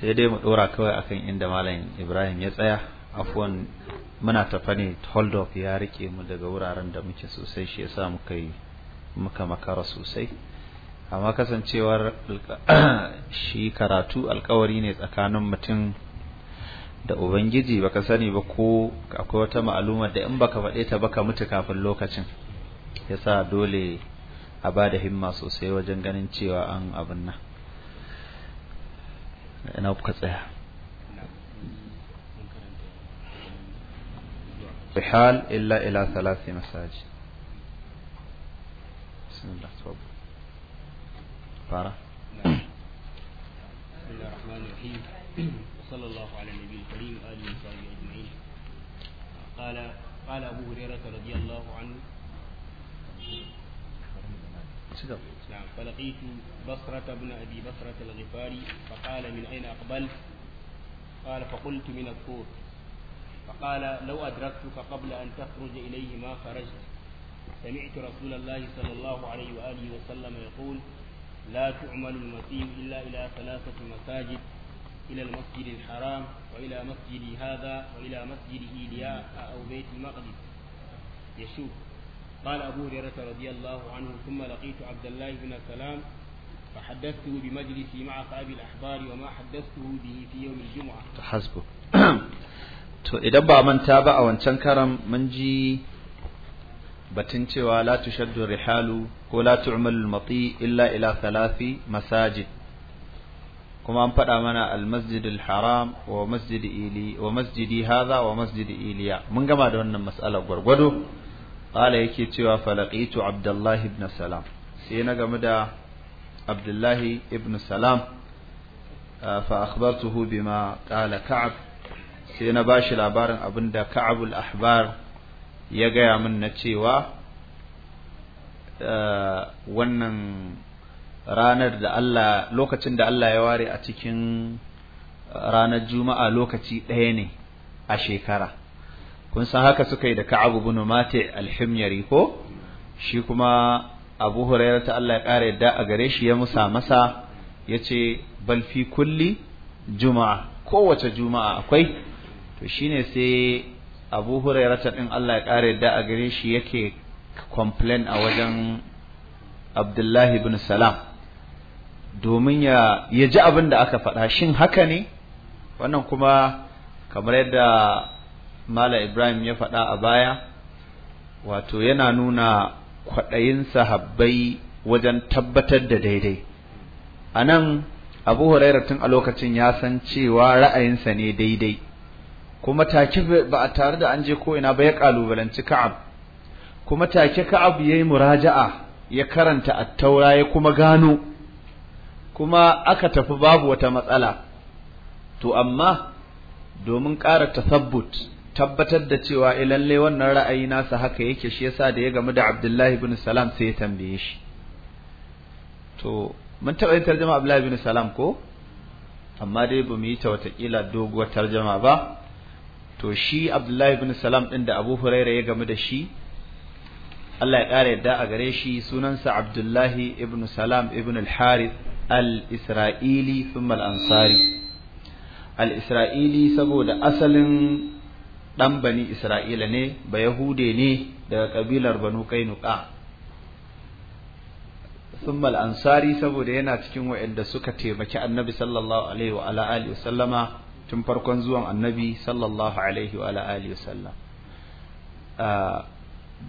sai dai mu ɗora kawai akan inda malam Ibrahim ya tsaya afwan muna tafa ne hold up ya rike mu daga wuraren da muke sosai shi yasa muka yi muka makara sosai amma kasancewar shi karatu alkawari ne tsakanin mutum da ubangiji baka sani ba ko akwai wata ma'aluma da in baka faɗe ta baka mutu kafin lokacin yasa dole a ba da himma sosai wajen ganin cewa an abin nan ina kuka tsaya bihal illa ila thalathi masajid بسم الله تفضل فارة بسم الله الرحمن الرحيم وصلى الله على النبي الكريم وآله وصحبه أجمعين قال قال أبو هريرة رضي الله عنه نعم فلقيت بصرة بن أبي بصرة الغفاري فقال من أين أقبلت قال فقلت من الطور فقال لو أدركتك قبل أن تخرج إليه ما خرجت سمعت رسول الله صلى الله عليه وآله وسلم يقول لا تعمل المسيح إلا إلى ثلاثة مساجد إلى المسجد الحرام وإلى مسجدي هذا وإلى مسجد إيلياء أو بيت المقدس يشوف قال أبو هريرة رضي الله عنه ثم لقيت عبد الله بن سلام فحدثته بمجلسي مع أصحاب الأحبار وما حدثته به في يوم الجمعة حسبه to idan ba manta ba a wancan karan mun ji batun cewa la tushaddu rihalu ko la tu'malu al-mati illa ila thalathi masajid kuma an faɗa mana al-masjid al-haram wa masjid ili wa masjidi hadha wa masjid iliya mun gama da wannan mas'alar gwargwado qala yake cewa falaqitu abdullahi ibn salam sai na game da abdullahi ibn salam fa akhbartuhu bima qala ka'ab sai na bashi labarin abinda ka'ab al-ahbar ya gaya mun na cewa wannan ranar da Allah lokacin da Allah ya ware a cikin ranar juma'a lokaci ɗaya ne a shekara kun san haka suka yi da ka ibn Mati al ko shi kuma Abu Hurairah ta Allah ya ƙara yadda a gare shi ya musa masa yace bal fi kulli juma'a kowace juma'a akwai to shine sai Abu Hurairah ta din Allah ya ƙara yadda a gare shi yake complain a wajen Abdullahi bin Salam domin ya ya ji abin da aka faɗa shin haka ne wannan kuma kamar yadda mala ibrahim ya faɗa a baya wato yana nuna kwaɗayin sahabbai wajen tabbatar da daidai a nan abu huraira tun a lokacin ya san cewa ra'ayinsa ne daidai kuma take ba a tare da an je ko'ina ba ya ƙalubalanci ka'ab kuma take ka'ab ya yi muraja'a ya karanta attaura ya kuma gano kuma aka tafi babu wata matsala to amma domin ƙara tasabbut tabbatar da cewa eh, lalle wannan ra'ayi nasa haka yake shi yasa da ya gamu da Abdullahi ibn Salam sai ya tambaye shi to mun taɓa yin tarjama Abdullahi ibn Salam ko amma dai ba mu yi ta watakila doguwar tarjama ba to shi Abdullahi ibn Salam din da Abu Huraira ya gamu da shi Allah ya ƙara yadda a gare shi sunansa Abdullahi ibn Salam ibn al-Harith al-Isra'ili thumma al-Ansari al-Isra'ili saboda asalin ɗan bani Isra'ila ne ba Yahude ne daga kabilar Banu Kainuka ثم ansari saboda yana cikin waɗanda suka taimaki annabi sallallahu alaihi wa ala sallama tun farkon zuwan annabi sallallahu alaihi wa ala sallam ah,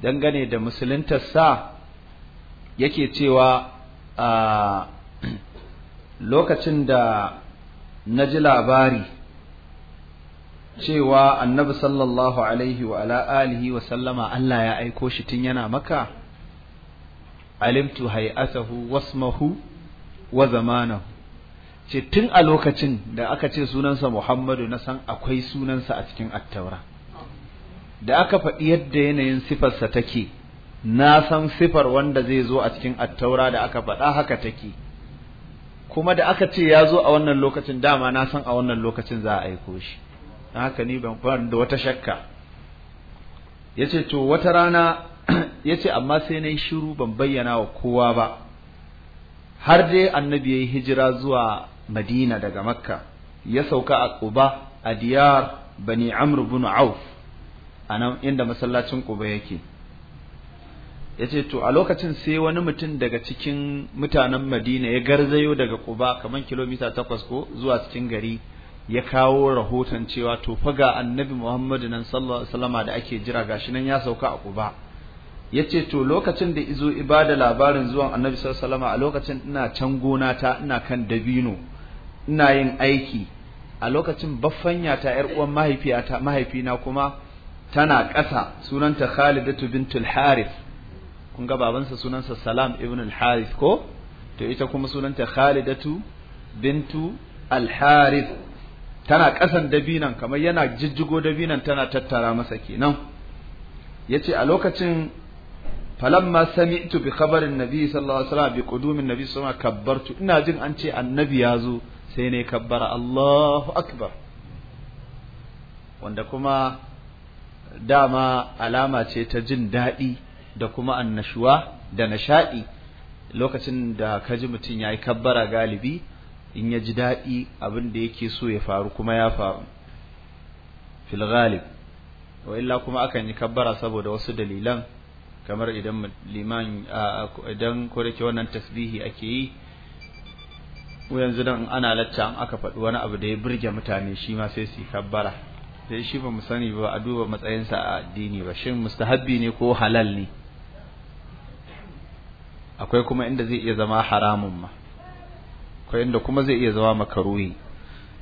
dangane da musuluntarsa yake cewa ah, lokacin da na ji labari cewa annabi sallallahu alaihi wa ala alihi wa sallama Allah ya aiko shi tun yana maka alimtu hay'atahu wasmahu wa zamanahu ce tun a lokacin da aka ce sunansa Muhammadu na san akwai sunansa a cikin attaura da aka faɗi yadda yanayin sifarsa take na san sifar wanda zai zo a cikin attaura da aka faɗa haka take kuma da aka ce ya zo a wannan lokacin dama na san a wannan lokacin za a aiko shi Na haka ni ban fara da wata shakka yace to wata rana yace amma sai na yi shiru ban bayyana wa kowa ba har dai annabi yayi hijira zuwa Madina daga Makka ya sauka a Quba a diyar Bani Amr ibn Auf anan inda masallacin Quba yake yace to a lokacin sai wani mutum daga cikin mutanen Madina ya garzayo daga Quba kamar kilomita takwas ko zuwa cikin gari ya kawo rahoton cewa to fa ga annabi Muhammadu nan sallallahu alaihi wasallama da ake jira gashi nan ya sauka a Quba yace to lokacin da izo ibada labarin zuwan annabi sallallahu alaihi wasallama a lokacin ina can gona ta ina kan dabino ina yin aiki a lokacin baffanya ta yar uwan mahaifiyata mahaifina kuma tana ƙasa sunanta Khalidatu bintul Harith kun ga babansa sunansa Salam ibn al-Harith ko to ita kuma sunanta Khalidatu bintu al-Harith tana ƙasan dabinan kamar yana jijjigo dabinan tana tattara masa kenan yace a lokacin falamma sami'tu bi khabarin nabi sallallahu alaihi wasallam bi qudumin nabi sallallahu alaihi wasallam kabbartu ina jin an ce annabi ya zo sai ne kabbara Allahu akbar wanda kuma dama alama ce ta jin daɗi da kuma annashuwa da nishaɗi lokacin da ka ji mutum ya yi kabbara galibi in ya ji daɗi abin da yake so ya faru kuma ya faru fil ghalib wa illa kuma akan yi kabbara saboda wasu dalilan kamar idan liman idan ko da ke wannan tasbihi ake yi yanzu dan ana lacca an aka faɗi wani abu da ya burge mutane shi ma sai su kabbara sai shi ba mu sani ba a duba matsayinsa a addini ba shin mustahabbi ne ko halal ne akwai kuma inda zai iya zama haramun ma ko inda kuma zai iya zama makaruhi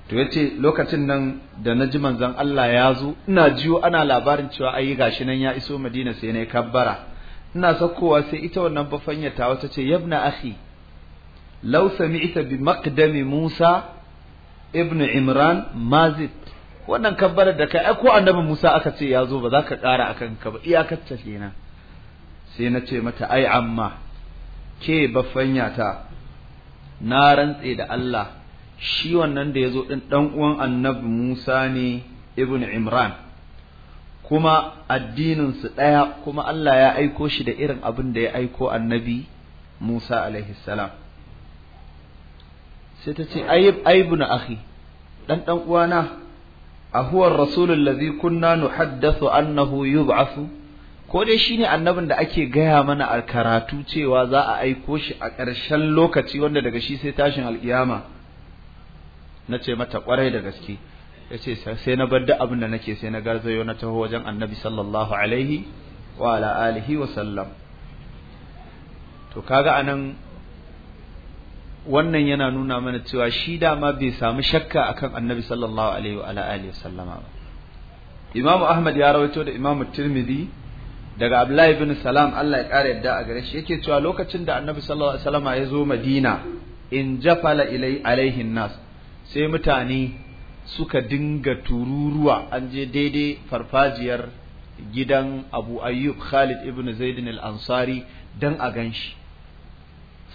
to yace lokacin nan da na ji manzon Allah ya zo ina jiyo ana labarin cewa ayi gashi nan ya iso Madina sai na kabbara ina sakkowa sai ita wannan bafanya ta wata ce yabna akhi law sami'ta bi maqdami Musa ibn Imran mazid wannan kabbarar da kai ko annabi Musa aka ce ya zo ba za ka kara akan ka ba iyakar ta kenan sai na ce mata ai amma ke bafanya ta na rantse da Allah shi wannan da ya zo ɗin ɗan uwan annabi Musa ne ibn Imran kuma addininsu ɗaya kuma Allah ya aiko shi da irin abin da ya aiko annabi Musa alaihi salam sai ta ce aibu na ahi ɗan uwana a huwar rasulun lazi kunna nuhaddathu annahu yub'asu ko dai shine annabin da ake gaya mana a karatu cewa za a aiko shi a ƙarshen lokaci wanda daga shi sai tashin alƙiyama na ce mata ƙwarai da gaske ya ce sai na bar da abin da nake sai na garzayo na taho wajen annabi sallallahu alaihi wa ala alihi wa sallam to kaga anan wannan yana nuna mana cewa shi dama bai samu shakka akan annabi sallallahu alaihi wa ala alihi wa sallama ba ahmad ya rawaito da imamu tirmidhi daga Abdullahi bin Salam Allah ya ƙara yadda a gare shi yake cewa lokacin da Annabi sallallahu alaihi wasallam ya zo Madina in jafala ilai alaihin nas sai mutane suka dinga tururuwa an je daidai farfajiyar gidan Abu Ayyub Khalid ibn Zaid al-Ansari dan a ganshi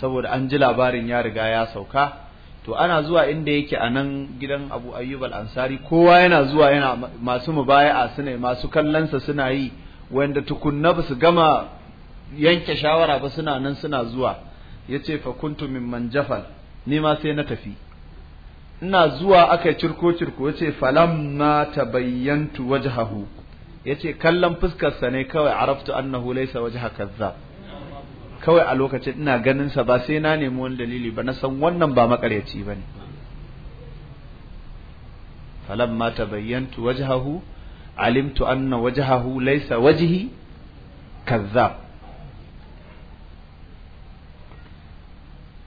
saboda an ji labarin ya riga ya sauka to ana zuwa inda yake a nan gidan Abu Ayyub al-Ansari kowa yana zuwa yana masu mubaya'a suna masu kallonsa suna yi wanda tukunna ba su gama yanke shawara ba suna nan suna zuwa ya ce fa kuntu man jafal ni ma sai na tafi ina zuwa aka yi cirko cirko ya ce falamma tabayyantu wajhahu ya ce kallon fuskarsa ne kawai araftu annahu laysa wajha kazzab kawai a lokacin ina ganin sa ba sai na nemi wani dalili ba na san wannan ba makaryaci bane falamma tabayyantu wajhahu alimtu anna wajhahu laysa wajhi kazzab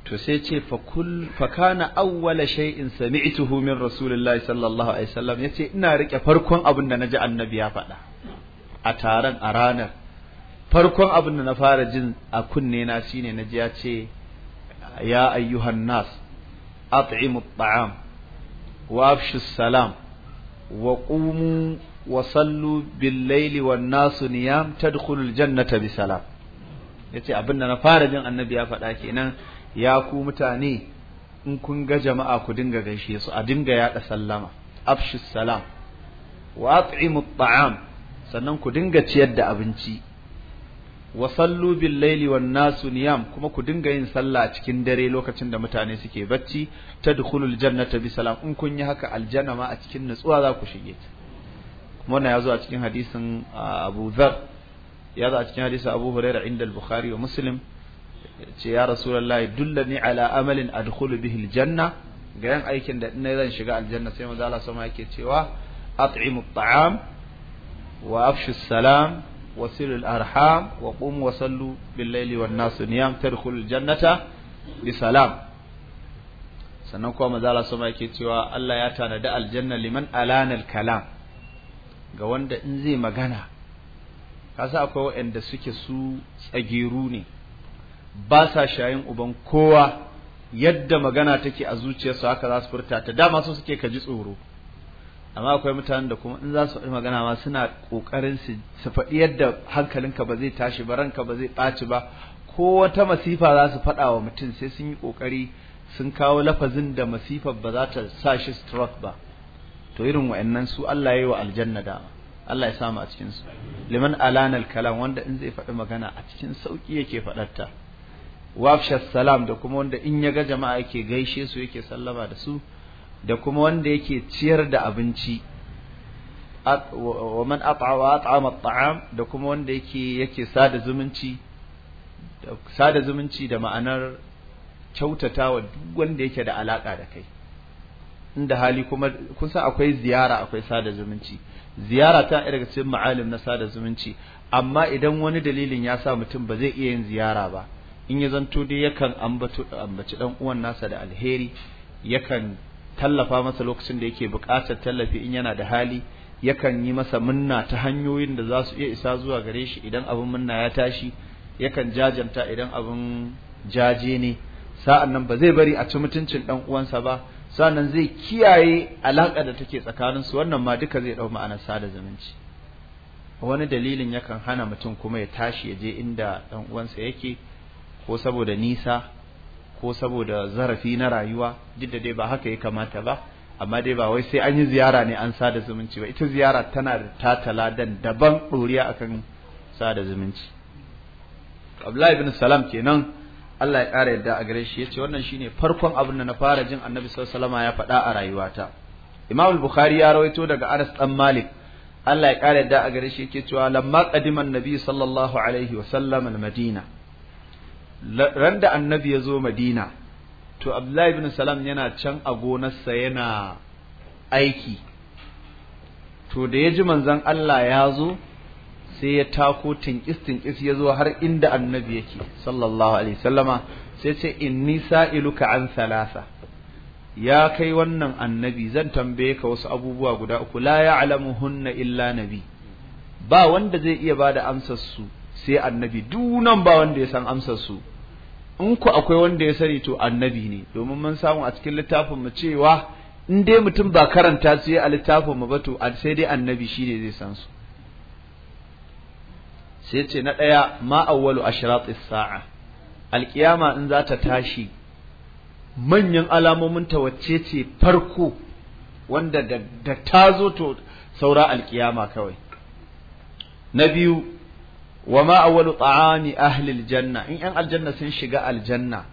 to sai ce fa kul fa kana awwala shay'in sami'tuhu min rasulillahi sallallahu alaihi wasallam yace ina rike farkon abin da naji annabi ya faɗa a taron a ranar farkon abin da na fara jin a kunne na shine naji ya ce ya ayyuhan nas at'imu at'am wa afshu salam wa qumu wasallu sallu bil laili wan nasu niyam tadkhulul jannata bi yace abinda na fara jin annabi ya faɗa kenan ya ku mutane in kun ga jama'a ku dinga gaishe su a dinga yaɗa sallama afshis salam wa at'imu at'am sannan ku dinga ciyar da abinci wa sallu bil laili wan nasu niyam kuma ku dinga yin sallah cikin dare lokacin da mutane suke bacci tadkhulul jannata bi in kun yi haka aljanna ma a cikin nutsuwa za ku shige ta wannan ya zo a cikin hadisin Abu Dhar ya zo a cikin hadisin Abu Hurairah inda al-Bukhari wa Muslim ce ya Rasulullah dullani ala amalin adkhulu bihi al-janna ga yan aikin da ina zan shiga aljanna sai manzo Allah sama yake cewa at'imu at wa afshu salam wa silu al-arham wa qum wa sallu bil-laili wan-nas niyam tadkhulu al-jannata bi salam sannan kuma manzo Allah sama yake cewa Allah ya tanada aljanna liman alana al-kalam ga wanda in zai magana kasa akwai waɗanda suke su tsageru ne ba sa shayin uban kowa yadda magana take a zuciyarsu haka za su furta ta dama su suke ka ji tsoro amma akwai mutanen da kuma in za su faɗi magana ma suna ƙoƙarin su faɗi yadda hankalinka ba zai tashi ba ranka ba zai ɓaci ba ko wata masifa za su faɗa wa mutum sai sun yi ƙoƙari sun kawo lafazin da masifar ba za ta sa shi stroke ba to irin wa'annan su Allah ya yi wa aljanna dama Allah ya samu a cikin su liman alanal kalam wanda in zai faɗi magana a cikin sauki yake faɗarta wafsha salam da kuma wanda in ya ga jama'a yake gaishe su yake sallama da su da kuma wanda yake ciyar da abinci wa man at'ama at'ama at'am da kuma wanda yake yake sada zumunci sada zumunci da ma'anar kyautatawa duk wanda yake da alaka da kai inda hali kuma kun san akwai ziyara akwai sada zumunci ziyara ta daga cikin ma'alim na sada zumunci amma idan wani dalilin ya sa mutum ba zai iya yin ziyara ba in ya zanto dai yakan ambato ambaci dan uwan nasa da alheri yakan tallafa masa lokacin da yake buƙatar tallafi in yana da hali yakan yi masa munna ta hanyoyin da za su iya isa zuwa gare shi idan abin munna ya tashi yakan jajanta idan abin jaje ne sa'an nan ba zai bari a ci mutuncin dan uwansa ba sannan zai kiyaye alaƙa da take tsakaninsu wannan ma duka zai ɗau ma'anar sada zumunci wani dalilin yakan hana mutum kuma ya tashi ya je inda ɗan uwansa yake ko saboda nisa ko saboda zarafi na rayuwa duk da dai ba haka ya kamata ba amma dai ba wai sai an yi ziyara ne an sada zumunci ba ita ziyara tana da tatala dan daban ɗoriya akan sada zumunci Abdullahi ibn Salam kenan Allah ya ƙara yadda a gare shi yace wannan shine farkon abin da na fara jin Annabi sallallahu alaihi ya faɗa a rayuwata Imam al-Bukhari ya rawaito daga Anas dan Malik Allah ya ƙara yadda a gare shi yake cewa lamma qadima annabi sallallahu alaihi wa al-Madina randa annabi ya zo Madina to Abdullahi ibn Salam yana can a gonarsa yana aiki to da ya ji manzon Allah ya zo sai ya tako tinkis tinkis ya zo har inda annabi yake sallallahu alaihi wasallama sai ce inni sa'iluka an thalatha ya kai wannan annabi zan tambaye ka wasu abubuwa guda uku la ya'lamuhunna illa nabi ba wanda zai iya bada amsar su sai annabi dunan ba wanda ya san amsar su in ku akwai wanda ya sani to annabi ne domin mun samu a cikin littafin mu cewa in dai mutum ba karanta su a littafin mu ba to sai dai annabi shi ne zai san su sai ce na ɗaya ma awwalu ashratis sa'a alkiyama in za ta tashi manyan alamomin ta wacce ce farko wanda da ta zo to saura alkiyama kawai na biyu wa ma awwalu ta'ami ahli aljanna in yan aljanna sun shiga aljanna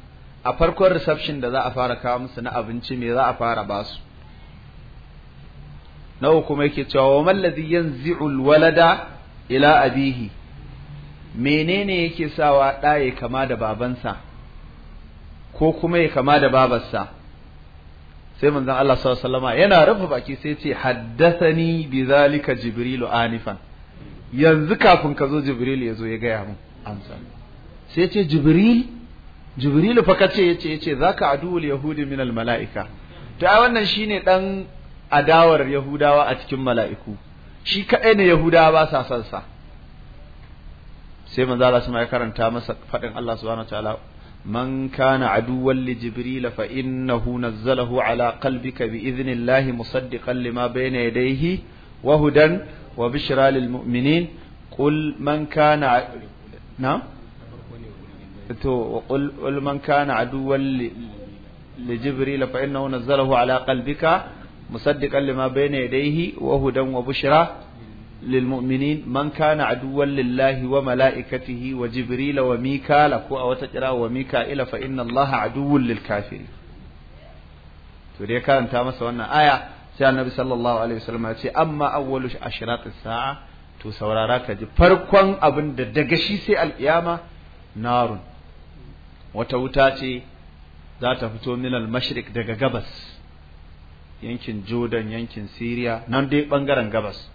a farkon reception da za a fara kawo musu na abinci me za a fara ba su na uku kuma yake cewa wa man ladhi yanzi'u ila abihi menene yake sawa ɗa ya kama da babansa ko kuma ya kama da babarsa sai manzon Allah sallallahu alaihi yana rufe baki sai ce haddathani bi zalika jibrilu anifan yanzu kafin ka zo jibril ya zo ya gaya mun amsa sai ce jibril jibril fa kace yace yace zaka aduwul yahudi min al malaika to ai wannan shine dan adawar yahudawa a cikin mala'iku shi kadai ne yahudawa ba sa son sa sai manzo Allah ya karanta masa fadin Allah subhanahu wataala man kana aduwwan li jibril fa innahu nazzalahu ala qalbika bi idhnillahi musaddiqan lima bayna yadayhi wa hudan wa bishra lil mu'minin qul man kana na'am to qul man kana aduwwan li jibril fa innahu nazzalahu ala qalbika musaddiqan lima bayna yadayhi wa hudan wa bishra wa من كان عدوا لله وملائكته وجبريل وميكال كو او تقرا وميكائيل فان الله عدو للكافرين to da ya karanta masa wannan aya sai annabi sallallahu alaihi wasallam ya ce amma awwalu ashrat as-sa'a to saurara ka ji farkon abin da daga shi sai al-qiyama narun wata wuta ce za ta fito min al-mashriq daga gabas yankin jordan yankin syria nan dai bangaren gabas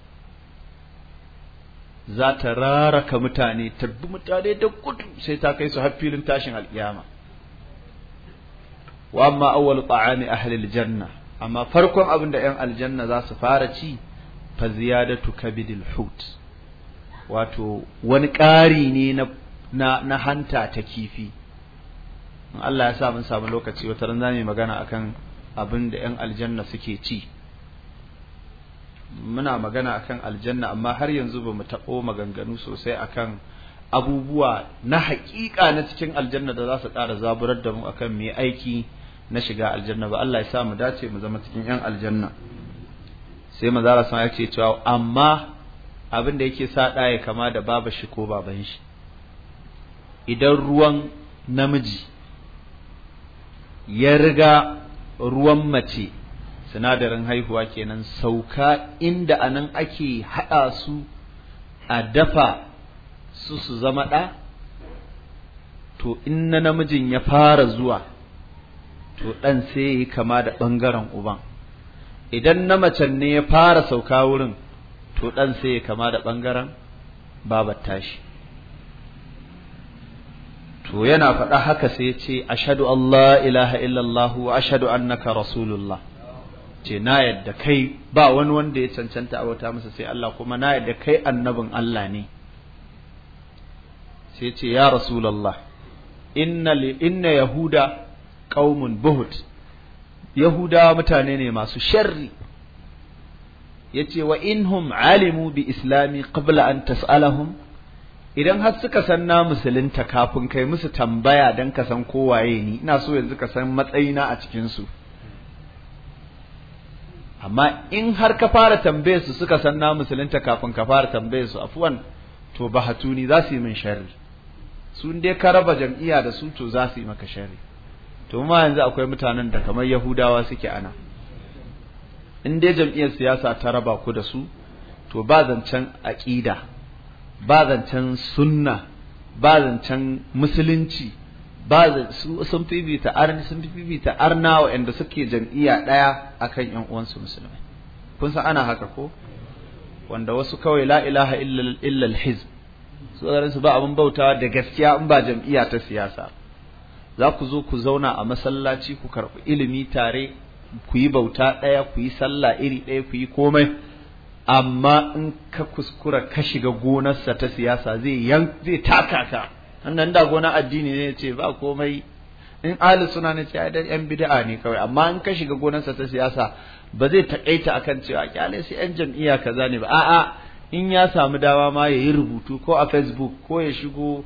za ta raraka mutane ta bi mutane da gudu sai ta kai su har filin tashin alkiyama wa amma awwal ta'ami ahli aljanna amma farkon abin da 'yan aljanna za su fara ci fa ziyadatu kabidil hut wato wani ƙari ne na na na hanta ta kifi in Allah ya sa mun samu lokaci wata ran zamu magana akan abin da 'yan aljanna suke ci muna magana akan aljanna amma har yanzu ba mu taɓo maganganu sosai akan abubuwa na haƙiƙa na cikin aljanna da za su ƙara zaburar da mu akan mai aiki na shiga aljanna ba Allah ya sa mu dace mu zama cikin yan aljanna sai manzara sun ya ce cewa amma abin da yake sa ɗaya kama da baba shi ko baban shi idan ruwan namiji ya riga ruwan mace sinadarin haihuwa kenan sauka inda anan ake haɗa su a dafa su su zama ɗa to in na namijin ya fara zuwa to ɗan sai ya yi kama da ɓangaren uban idan na macen ne ya fara sauka wurin to ɗan sai ya kama da ɓangaren babar tashi to yana faɗa haka sai ya ce ashadu Allah ilaha illallahu, wa ashadu annaka rasulullah ce na yadda kai ba wani wanda ya cancanta a wata masa sai Allah kuma na yadda kai annabin Allah ne sai ce ya rasulallah inna yahuda ƙaumin buhut yahuda mutane ne masu sharri ce wa inhum alimu bi islami kabla an tas'alahum idan har suka san na musulunta kafin kai musu tambaya dan ka san kowaye ni ina so yanzu ka san matsayina a cikinsu. amma in har ka fara tambaye su suka san na musulunta kafin ka fara tambaye su afwan to ba hatuni za su yi min sharri su dai ka raba jam'iyya da su to za su yi maka shari. to ma yanzu akwai mutanen da kamar yahudawa suke ana in dai jam'iyyar siyasa ta raba ku da su to ba zancen aƙida ba zancen sunna ba zancen musulunci ba sun fifita arni sun fifita arna waɗanda suke jam'iyya ɗaya akan 'yan uwansu musulmi. kun san ana haka ko wanda wasu kawai la ilaha illa al-hizb su su ba abin bautawa da gaskiya in ba jam'iyya ta siyasa za ku zo ku zauna a masallaci ku karɓi ilimi tare ku yi bauta ɗaya ku yi sallah iri ɗaya ku yi komai amma in ka kuskura ka shiga gonarsa ta siyasa zai zai taka ka nan da gona addini ne ce ba komai in ahli suna ne ce ai dan yan bid'a ne kawai amma in ka shiga gonarsa ta siyasa ba zai takaita akan cewa kyale sai yan jam'iyya kaza ne ba a'a in ya samu dawa ma ya yi rubutu ko a Facebook ko ya shigo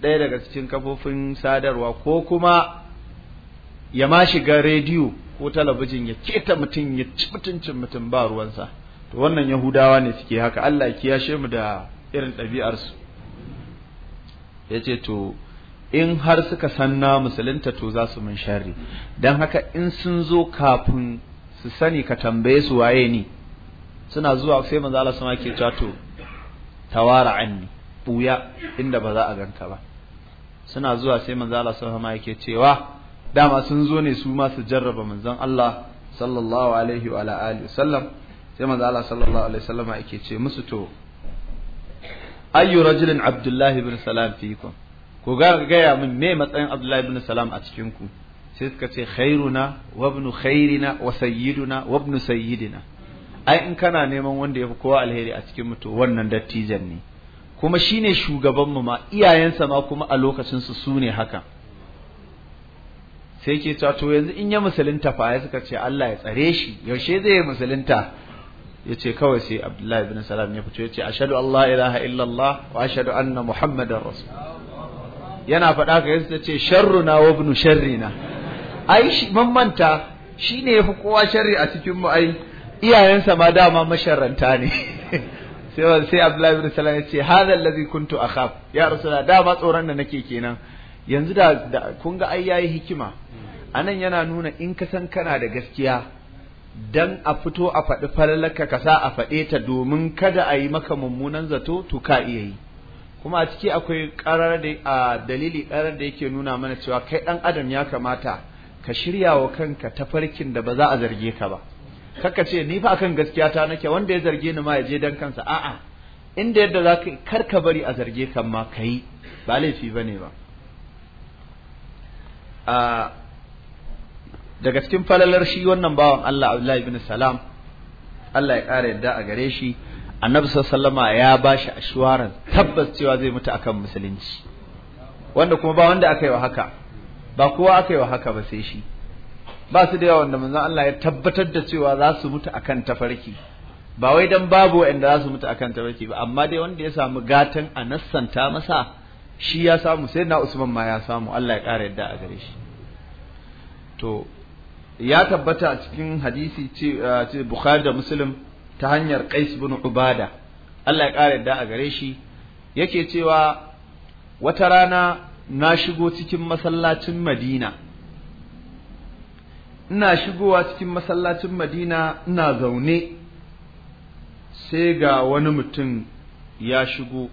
ɗaya daga cikin kafofin sadarwa ko kuma ya ma shiga rediyo ko talabijin ya keta mutum ya ci mutuncin mutum ba ruwansa to wannan yahudawa ne suke haka Allah ya kiyashe mu da irin ɗabi'arsu yace to in har suka san na musulunta to za su min sharri don haka in sun zo kafin su sani ka tambaye su waye ni suna zuwa sai manzo Allah sama ke cewa to tawara anni buya inda ba za a ganka ba suna zuwa sai manzo Allah sama yake cewa dama sun zo ne su ma su jarraba manzon Allah sallallahu alaihi wa alihi sallam sai manzo Allah sallallahu alaihi wasallam yake ce musu to ayyu rajulin abdullahi ibn salam fikum ku ga gaya min me matsayin abdullahi ibn salam a cikin ku sai suka ce khairuna wa ibn khairina wa sayyiduna wa ibn sayyidina ai in kana neman wanda yafi kowa alheri a cikin mu to wannan dattijan ne kuma shine shugaban mu ma iyayensa ma kuma a lokacin su sune haka sai ke cewa to yanzu in ya musulunta fa ya suka ce Allah ya tsare shi yaushe zai musulunta yace kawai sai Abdullahi ibn Salam ya fito yace ashhadu an la ilaha illallah wa ashadu anna muhammadar rasul yana faɗa ka ta ce sharruna wa ibn sharrina ai shi man manta ya fi kowa sharri a cikin mu ai iyayensa ma dama masharranta ne sai sai Abdullahi ibn Salam ya ce hadha zai kuntu akhaf ya rasulullah dama tsoron da nake kenan yanzu da kun ga ai yayi hikima anan yana nuna in ka san kana da gaskiya dan a fito a faɗi falalarka ka sa a faɗe ta domin kada a yi maka mummunan zato to ka iya yi kuma a ciki akwai ƙarar da a dalili ƙarar da yake nuna mana cewa kai ɗan adam ya kamata ka shirya wa kanka tafarkin da ba za a zarge ka ba kaka ce ni fa akan gaskiya ta nake wanda ya zarge ni ma ya je dan kansa a'a inda yadda za ka kar ka bari a zarge kan ma ka yi ba laifi ba ne ba daga cikin falalar shi wannan bawan Allah Abdullahi ibn Salam Allah ya ƙara yadda a gare shi annabi sallallahu ya ba shi ashwaran tabbas cewa zai mutu akan musulunci wanda kuma ba wanda aka yi wa haka ba kowa aka yi wa haka ba sai shi ba su da yawa wanda manzon Allah ya tabbatar da cewa za su mutu akan tafarki ba wai dan babu wanda za su mutu akan tafarki ba amma dai wanda ya samu gatan a nassanta masa shi ya samu sai na Usman ma ya samu Allah ya ƙara yadda a gare shi to ya tabbata a cikin hadisi ce Bukhari da Muslim ta hanyar Qais bin Ubada Allah ya ƙara yadda a gare shi yake cewa wata rana na shigo cikin masallacin Madina ina shigowa cikin masallacin Madina ina zaune sai ga wani mutum ya shigo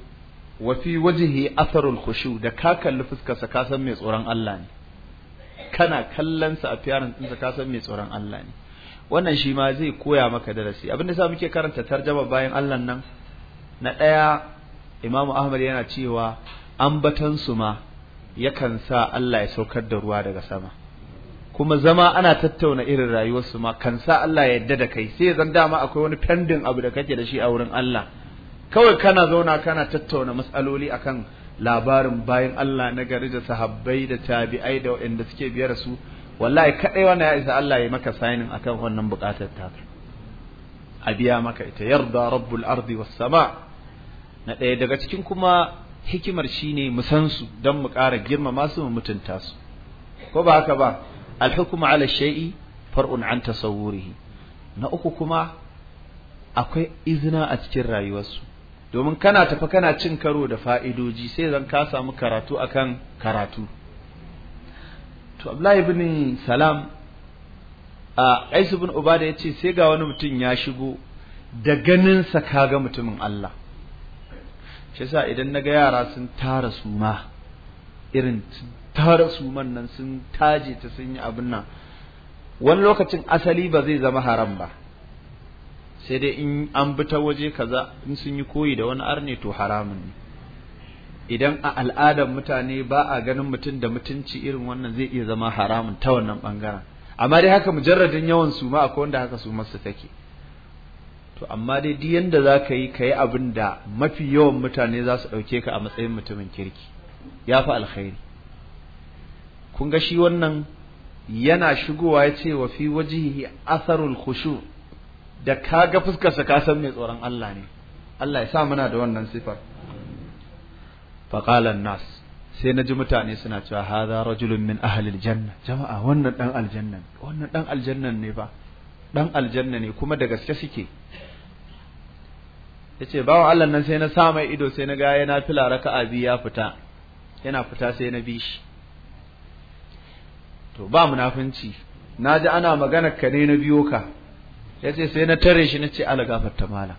wa fi wajhi atharul khushu da ka kalli fuskarsa ka san mai tsoron Allah ne kana kallon sa a fiyarin ɗinsa ka san mai tsoron Allah ne wannan shi ma zai koya maka darasi abin da sa muke karanta tarjama bayan Allah nan na ɗaya Imam Ahmad yana cewa ambatan su ma yakan sa Allah ya saukar da ruwa daga sama kuma zama ana tattauna irin rayuwarsu ma kan sa Allah ya yarda da kai sai zan dama akwai wani pending abu da kake da shi a wurin Allah kawai kana zauna kana tattauna matsaloli akan labarin bayan Allah na gari da sahabbai da tabi'ai da waɗanda suke biyar su wallahi kadai wannan ya isa Allah ya maka sainin akan wannan bukatar ta a biya maka ita yarda rabbul ardi was sama na ɗaya daga cikin kuma hikimar shine mu san su dan mu ƙara girmama su mu mutunta su ko ba haka ba al hukmu ala shay'i far'un an tasawwurihi na uku kuma akwai izina a cikin rayuwarsu domin kana tafi kana cin karo da fa'idoji sai zan ka samu karatu akan karatu to Abdullahi ibn Salam a Qais ibn Ubada ce sai ga wani mutum ya shigo da ganin sa kaga mutumin Allah shi sa idan na ga yara sun tara suma irin tara suman nan sun taje ta sun yi abin nan wani lokacin asali ba zai zama haram ba sai dai in an bi ta waje kaza in sun yi koyi da wani arne to haramun ne idan a al'adar mutane ba a ganin mutum da mutunci irin wannan zai iya zama haramun ta wannan bangaren amma dai haka mujarradin yawan suma ma akwai wanda haka su masu take to amma dai duk yanda za ka yi ka yi abin da mafi yawan mutane za su ɗauke ka a matsayin mutumin kirki ya fi alkhairi kun ga shi wannan yana shigowa ya ce wa fi wajihi asarul khushu da ka ga fuskarsa ka san mai tsoron Allah ne Allah ya sa muna da wannan sifar faqala nas sai naji mutane suna cewa hadha rajulun min ahli janna. jama'a wannan dan aljanna wannan dan aljannan ne fa dan aljanna ne kuma da gaske suke yace bawa Allah nan sai na sa mai ido sai na ga yana fila raka'a biyu ya fita yana fita sai na bi shi to ba munafunci naji ana magana ka ne na biyo ka ya ce sai na tare shi na ce ala ta mala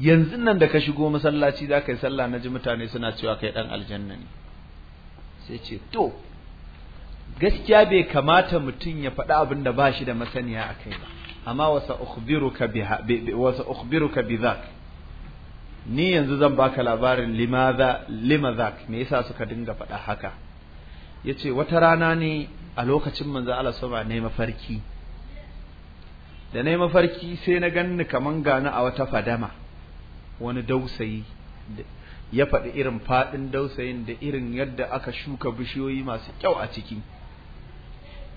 yanzu nan da ka shigo masallaci za ka yi sallah na ji mutane suna cewa kai dan aljanna ne sai ce to gaskiya bai kamata mutum ya faɗi abin da ba shi da masaniya a kai ba amma wasa ukhbiruka bi wasa ukhbiruka bi ni yanzu zan baka labarin limaza limazak me yasa suka dinga faɗa haka yace wata rana ne a lokacin manzo Allah sama ne mafarki da na yi mafarki sai na ganni kaman gani a wata fadama wani dausayi ya faɗi irin faɗin dausayin da irin yadda aka shuka bishiyoyi masu kyau a ciki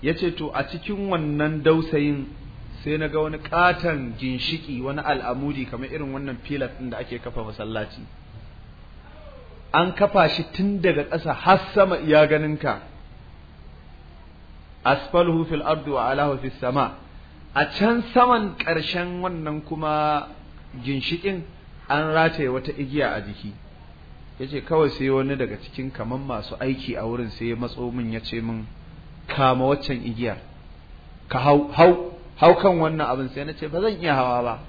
ya ce to a cikin wannan dausayin sai na ga wani ƙaton ginshiki wani al'amudi kamar irin wannan filas ɗin da ake kafa masallaci an kafa shi tun daga ƙasa har sama iya ganinka asfalhu fil ardu wa alahu fis sama' a can saman ƙarshen wannan kuma ginshiƙin an rataye wata igiya a jiki ya ce kawai sai wani daga cikin kamar masu aiki a wurin sai matso min ya ce min kama waccan igiyar ka hau hau hau kan wannan abin sai na ce ba zan iya hawa ba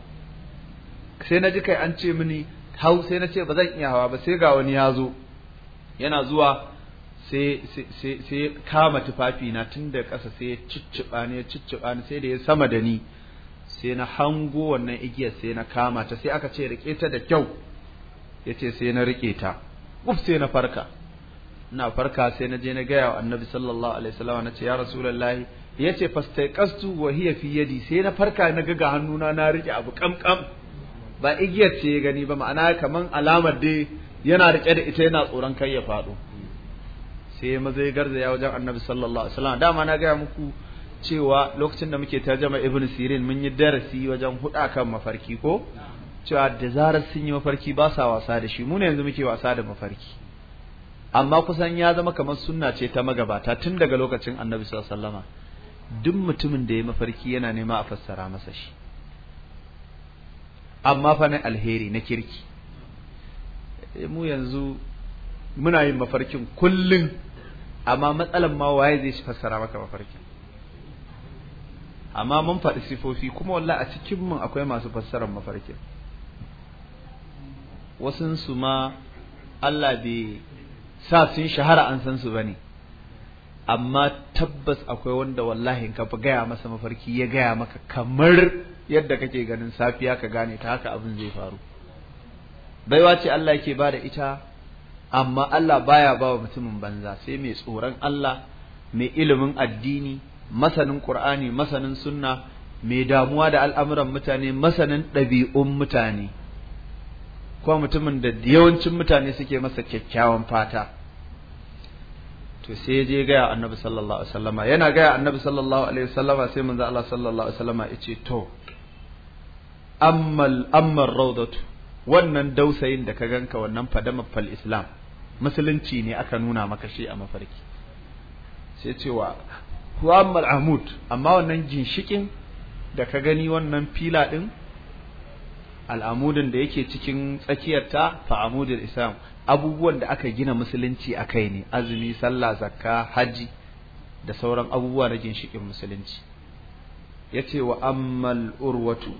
sai na ji kai an ce mini hau sai na ce ba zan iya hawa ba sai ga wani ya zo yana zuwa sai sai kama tufafi na tun da ƙasa sai ya cicciɓa ni ya cicciɓa ni sai da ya sama da ni sai na hango wannan igiyar sai na kama ta sai aka ce rike ta da kyau yace sai na rike ta uf sai na farka ina farka sai na je na gaya wa annabi sallallahu alaihi wasallam na ce ya rasulullahi yace fastaqastu wa hiya fi yadi sai na farka na ga hannuna na rike abu kamkam ba igiyar ce ya gani ba ma'ana kaman alamar dai yana rike da ita yana tsoron kai ya faɗo sai maza ya garzaya wajen annabi sallallahu alaihi wasallam dama na gaya muku cewa lokacin da muke ta tarjama ibnu sirin mun yi darasi wajen huda kan mafarki ko cewa da zarar sun yi mafarki ba sa wasa da shi mu ne yanzu muke wasa da mafarki amma kusan ya zama kamar sunna ce ta magabata tun daga lokacin annabi sallallahu alaihi wasallam duk mutumin da ya mafarki yana nema a fassara masa shi amma fa na alheri na kirki eh, mu yanzu muna yin mafarkin kullum amma matsalan ma waye zai shi fassara maka mafarkin amma mun faɗi sifofi kuma wallahi a cikin mun akwai masu fassarar mafarkin wasun su ma Allah bai sa sun shahara an san su bane amma tabbas akwai wanda wallahi in ka gaya masa mafarki ya gaya maka kamar yadda kake ganin safiya ka gane ta haka abin zai faru baiwa ce Allah yake bada ita amma Allah baya ba wa mutumin banza sai mai tsoron Allah mai ilimin addini masanin Qur'ani masanin sunna mai damuwa da al'amuran mutane masanin ɗabi'un mutane ko mutumin da yawancin mutane suke masa kyakkyawan fata to sai je gaya annabi sallallahu alaihi wasallama yana gaya annabi sallallahu alaihi wasallama sai manzo Allah sallallahu alaihi wasallama yace to ammal Ammar rawdatu wannan dausayin da ka ganka wannan fadama fal islam musulunci ne aka nuna maka shi a mafarki sai cewa huwammal ahmud amma wannan ginshikin da ka gani wannan fila din al'amudin da yake cikin tsakiyar ta fa amudul islam abubuwan da aka gina musulunci a kai ne azumi sallah zakka haji da sauran abubuwa na ginshikin musulunci yace wa ammal urwatu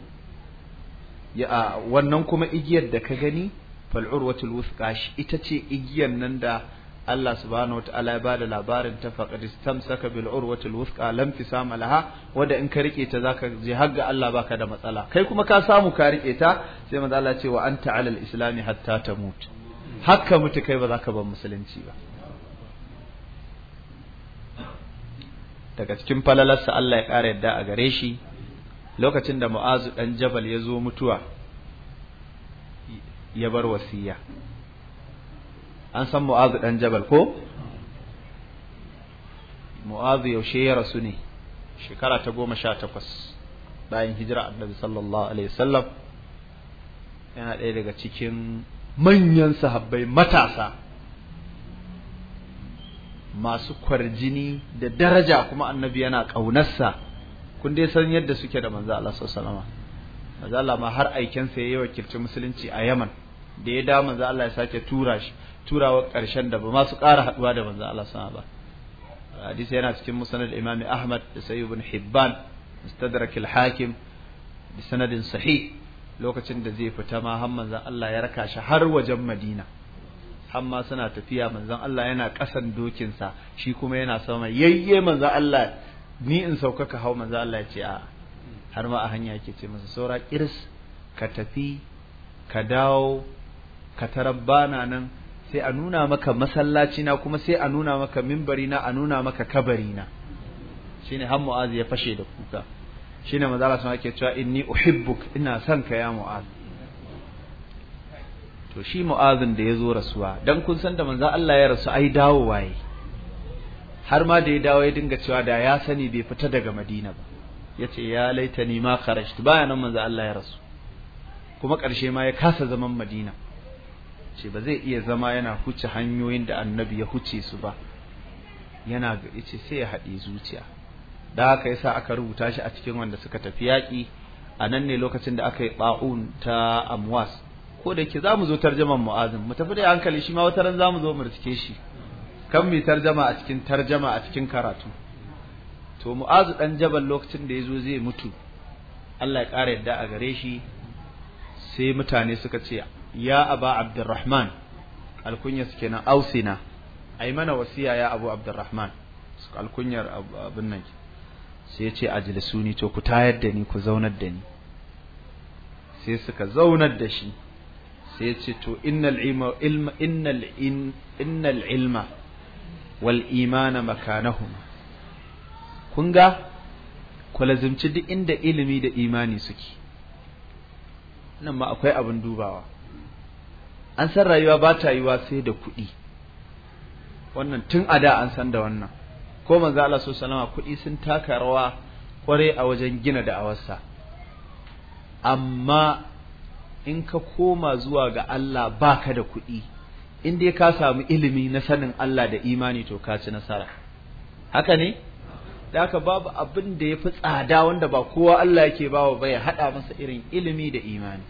ya wannan kuma igiyar da ka gani fal'urwatul wuthqa ita ce igiyar nan da Allah subhanahu wataala ya bada labarin ta faqad istamsaka bil urwatil wuthqa lam laha wanda in ka rike ta zaka je har ga Allah baka da matsala kai kuma ka samu ka rike ta sai manzo Allah ce wa anta alal islami hatta tamut hakka mutu kai ba zaka bar musulunci ba daga cikin falalarsa Allah ya ƙara yadda a gare shi lokacin da Mu'azu dan Jabal ya zo mutuwa ya bar wasiya an san mu'azu dan jabal ko mu'azu yaushe ya rasu ne shekara ta goma sha takwas bayan hijira annabi sallallahu alaihi wasallam yana ɗaya daga cikin manyan sahabbai matasa masu kwarjini da daraja kuma annabi yana ƙaunarsa kun dai san yadda suke da manzo Allah sallallahu alaihi wasallam manzo Allah ma har aikensa yayi wakilci musulunci a Yaman da ya da manzo Allah ya sake tura shi turawa ƙarshen da ba ma su ƙara haɗuwa da manzo Allah sama ba hadisi yana cikin musnad Imam Ahmad da Sahih ibn Hibban Mustadrak al-Hakim da sanadin sahih lokacin da zai fita ma har manzon Allah ya raka shi har wajen Madina har ma suna tafiya manzon Allah yana ƙasan dokinsa shi kuma yana sama yayye manzon Allah ni in saukaka hau manzon Allah ya ce a har ma a hanya yake ce masa saura kiris ka tafi ka dawo ka bana nan sai a nuna maka masallaci na kuma sai a nuna maka mimbari na a nuna maka kabari na ne har mu'azi ya fashe da kuka shi ne Allah sun ake cewa inni uhibbuk ina son ka ya mu'az to shi mu'azin da ya zo rasuwa dan kun san da manzo Allah ya rasu ai dawo waye har ma da ya dawo ya dinga cewa da ya sani bai fita daga Madina ba yace ya laitani ma kharajtu bayanan manzo Allah ya rasu kuma ƙarshe ma ya kasa zaman Madina ce ba zai iya zama yana huce hanyoyin da annabi ya huce su ba yana ga sai ya haɗe zuciya da haka yasa aka rubuta shi a cikin wanda suka tafi yaƙi a nan ne lokacin da aka yi ba'un ta amwas ko da yake mu zo tarjaman mu'azin mu tafi da hankali shi ma wataran mu zo mu rike shi kan mi tarjama a cikin tarjama a cikin karatu to mu'azu dan jabal lokacin da ya zo zai mutu Allah ya ƙara yadda a gare shi sai mutane suka ce ya aba abdurrahman alkunya suke na ausina ai mana wasiya ya abu abdurrahman alkunyar abin nan sai ya ce ni to ku tayar da ni ku zaunar da ni sai suka zaunar da shi sai ya ce to innal ilma innal innal ilma wal imana makanahuma kun ga ku lazimci duk inda ilimi da imani suke nan ma akwai abin dubawa an san rayuwa ba ta yiwa sai da kuɗi wannan tun a da an san da wannan ko manzo Allah sallallahu kuɗi sun taka rawa kware a wajen gina da awarsa. amma in ka koma zuwa ga Allah baka da kuɗi in dai ka samu ilimi na sanin Allah da imani to ka ci nasara haka ne da haka babu abin da ya fi tsada wanda ba kowa Allah yake bawa ba ya haɗa masa irin ilimi da imani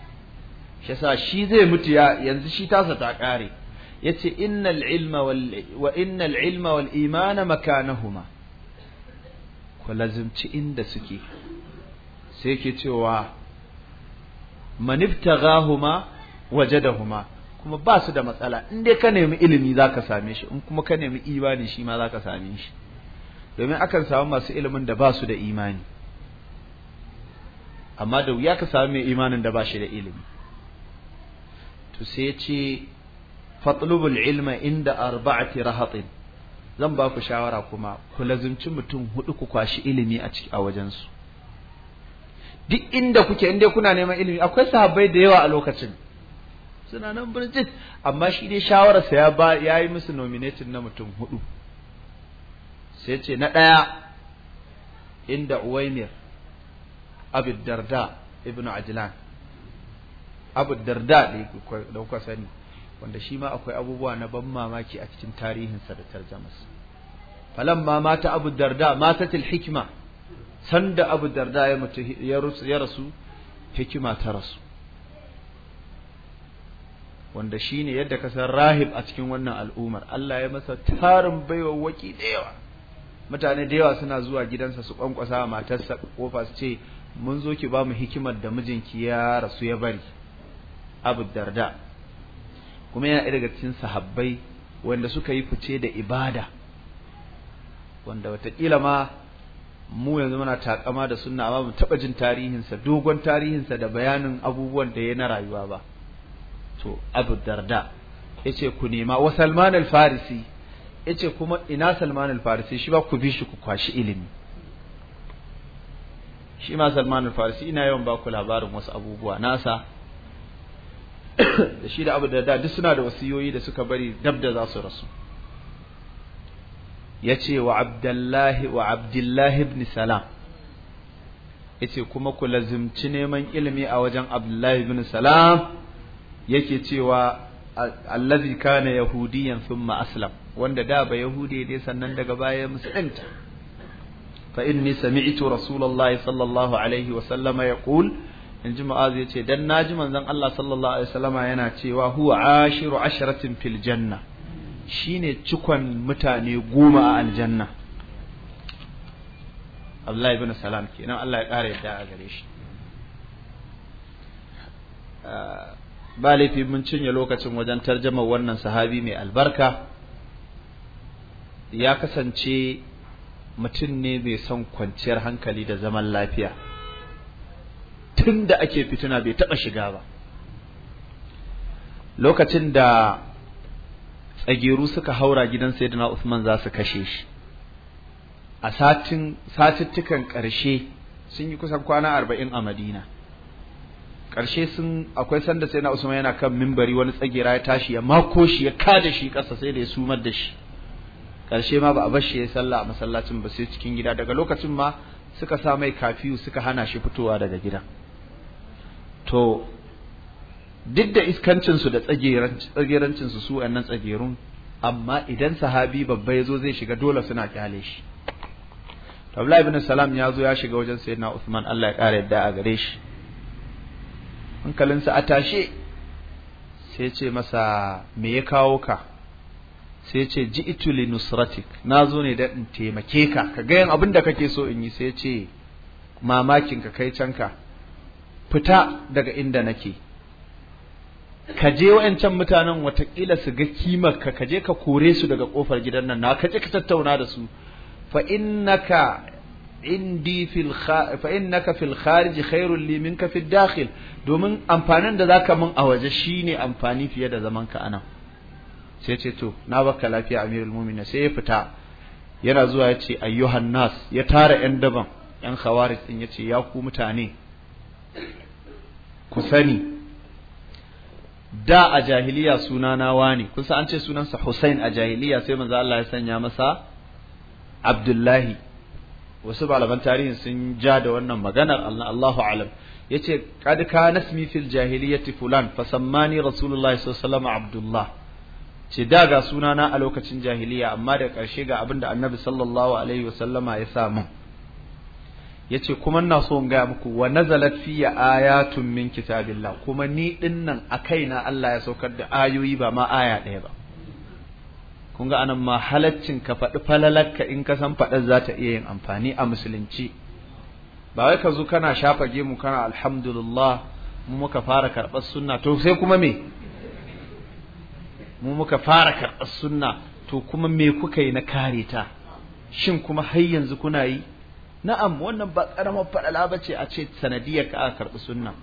shi yasa shi zai mutu ya yanzu shi tasa ta kare yace innal ilma wal wa innal ilma wal imana makanahuma ku lazimci inda suke sai yake cewa maniftagahuma wajadahuma kuma ba su da matsala in dai ka nemi ilimi zaka same shi in kuma ka nemi imani shi ma zaka same shi domin akan samu masu ilimin da ba su da imani amma da wuya ka samu mai imanin da ba shi da ilimi su sai ce fatlubul ilma inda arba'ati rahatin zan ba ku shawara kuma ku lazumci mutum hudu ku kwashi ilimi a ciki a wajensu duk inda kuke inda kuna neman ilimi akwai sahabbai da yawa a lokacin suna nan birjit amma shi dai shawararsa ya ba ya yi musu nominatin na mutum hudu sai ce na ɗaya inda uwaimir abid ibnu ajlan abu darda da kuka sani wanda shi ma akwai abubuwa na ban mamaki a cikin tarihinsa da falan falamma mata abu darda matatil hikma sanda abu darda ya mutu ya rasu hikima ta rasu wanda shine yadda ka san rahib a cikin wannan al'umar Allah ya masa tarin baiwa waki da yawa mutane da yawa suna zuwa gidansa su kwankwasa matarsa kofa su ce mun zo ki ba mu hikimar da mijinki ya rasu ya bari abu darda kuma yana daga cikin sahabbai wanda suka yi fice da ibada wanda watakila ma mu yanzu muna takama da sunna amma mu taba jin tarihinsa dogon tarihinsa da bayanin abubuwan da ya na rayuwa ba to abu darda yace ku nema wa salman al-farisi yace kuma ina salman al-farisi shi ba ku bi shi ku kwashi ilimi shi ma salman al-farisi ina yawan ba ku labarin wasu abubuwa nasa da shi da abu da da duk suna da wasiyoyi da suka bari dab da za su rasu ya ce wa abdullahi wa abdullahi ibn salam ya ce kuma ku lazimci neman ilimi a wajen abdullahi ibn salam yake cewa allazi kana yahudiyan thumma aslam wanda da ba yahudi ne sannan daga baya musulunta fa inni sami'tu rasulullahi sallallahu alaihi wa sallama yaqul in ji mu'azu ya ce dan na ji manzon Allah sallallahu alaihi wasallama yana cewa huwa ashiru asharatin fil janna shine cikon mutane goma a aljanna Abdullahi ibn Salam kenan Allah ya kare yadda a gare shi ba laifi mun cinye lokacin wajen tarjamar wannan sahabi mai albarka ya kasance mutum ne mai son kwanciyar hankali da zaman lafiya tun da ake fituna bai taɓa shiga ba lokacin da tsagiru suka haura gidan sayyidina Usman za su kashe shi a satin satittukan ƙarshe sun yi kusan kwana arba'in a Madina ƙarshe sun akwai sanda Saina Usman yana kan mimbari wani tsagera ya tashi ya mako shi ya kada shi ƙasa sai da ya sumar da shi ƙarshe ma ba a bar shi ya sallah a masallacin ba sai cikin gida daga lokacin ma suka sa mai kafiyu suka hana shi fitowa daga gidan. to duk da iskancinsu da tsagerancinsu su wannan tsagerun amma idan sahabi babba ya zo zai shiga dole suna kyale shi tabla ibn Salam ya zo ya shiga wajen Sayyidina Usman Allah ya kare yadda a gare shi hankalinsa a tashe sai ce masa me ya kawo ka sai ce ji li nusratik na zo ne da in taimake ka ka ga yin abin da kake so in yi sai ce mamakin ka kai can ka fita daga inda nake ka je wa'ancan mutanen watakila su ga kimar ka ka je ka kore su daga kofar gidan nan na ka je ka tattauna da su fa innaka indi fil fa innaka fil kharij khairul li minka fil dakhil domin amfanin da zaka min a waje shi ne amfani fiye da zaman ka anan sai ce to na baka lafiya amirul mu'minin sai ya fita yana zuwa ya ce ayyuhan ya tara yan daban yan khawarij din ya ce ya ku mutane ku sani da a jahiliya suna na wani kun san an ce sunansa Hussein a jahiliya sai manzo Allah ya sanya masa Abdullahi wasu malaman tarihin sun ja da wannan maganar Allah Allahu alam yace kad ka nasmi fil jahiliyati fulan fasammani rasulullahi sallallahu alaihi Abdullah ce da ga sunana a lokacin jahiliya amma da ƙarshe ga abinda annabi sallallahu alaihi wasallama ya samu yace kuma ina so in gaya muku wa nazalat fi ayatun min kitabillah kuma ni dinnan a kaina Allah ya saukar da ayoyi ba ma aya ɗaya ba kun ga anan ma halaccin ka faɗi falalarka in ka san faɗar za ta iya yin amfani a musulunci ba wai ka zo kana shafa gemu kana alhamdulillah mu muka fara karɓar sunna to sai kuma me mu muka fara karɓar sunna to kuma me kuka yi na kare ta shin kuma har yanzu kuna yi na'am wannan ba karamar fadala ba ce a ce sanadiyar ka aka karɓi sunna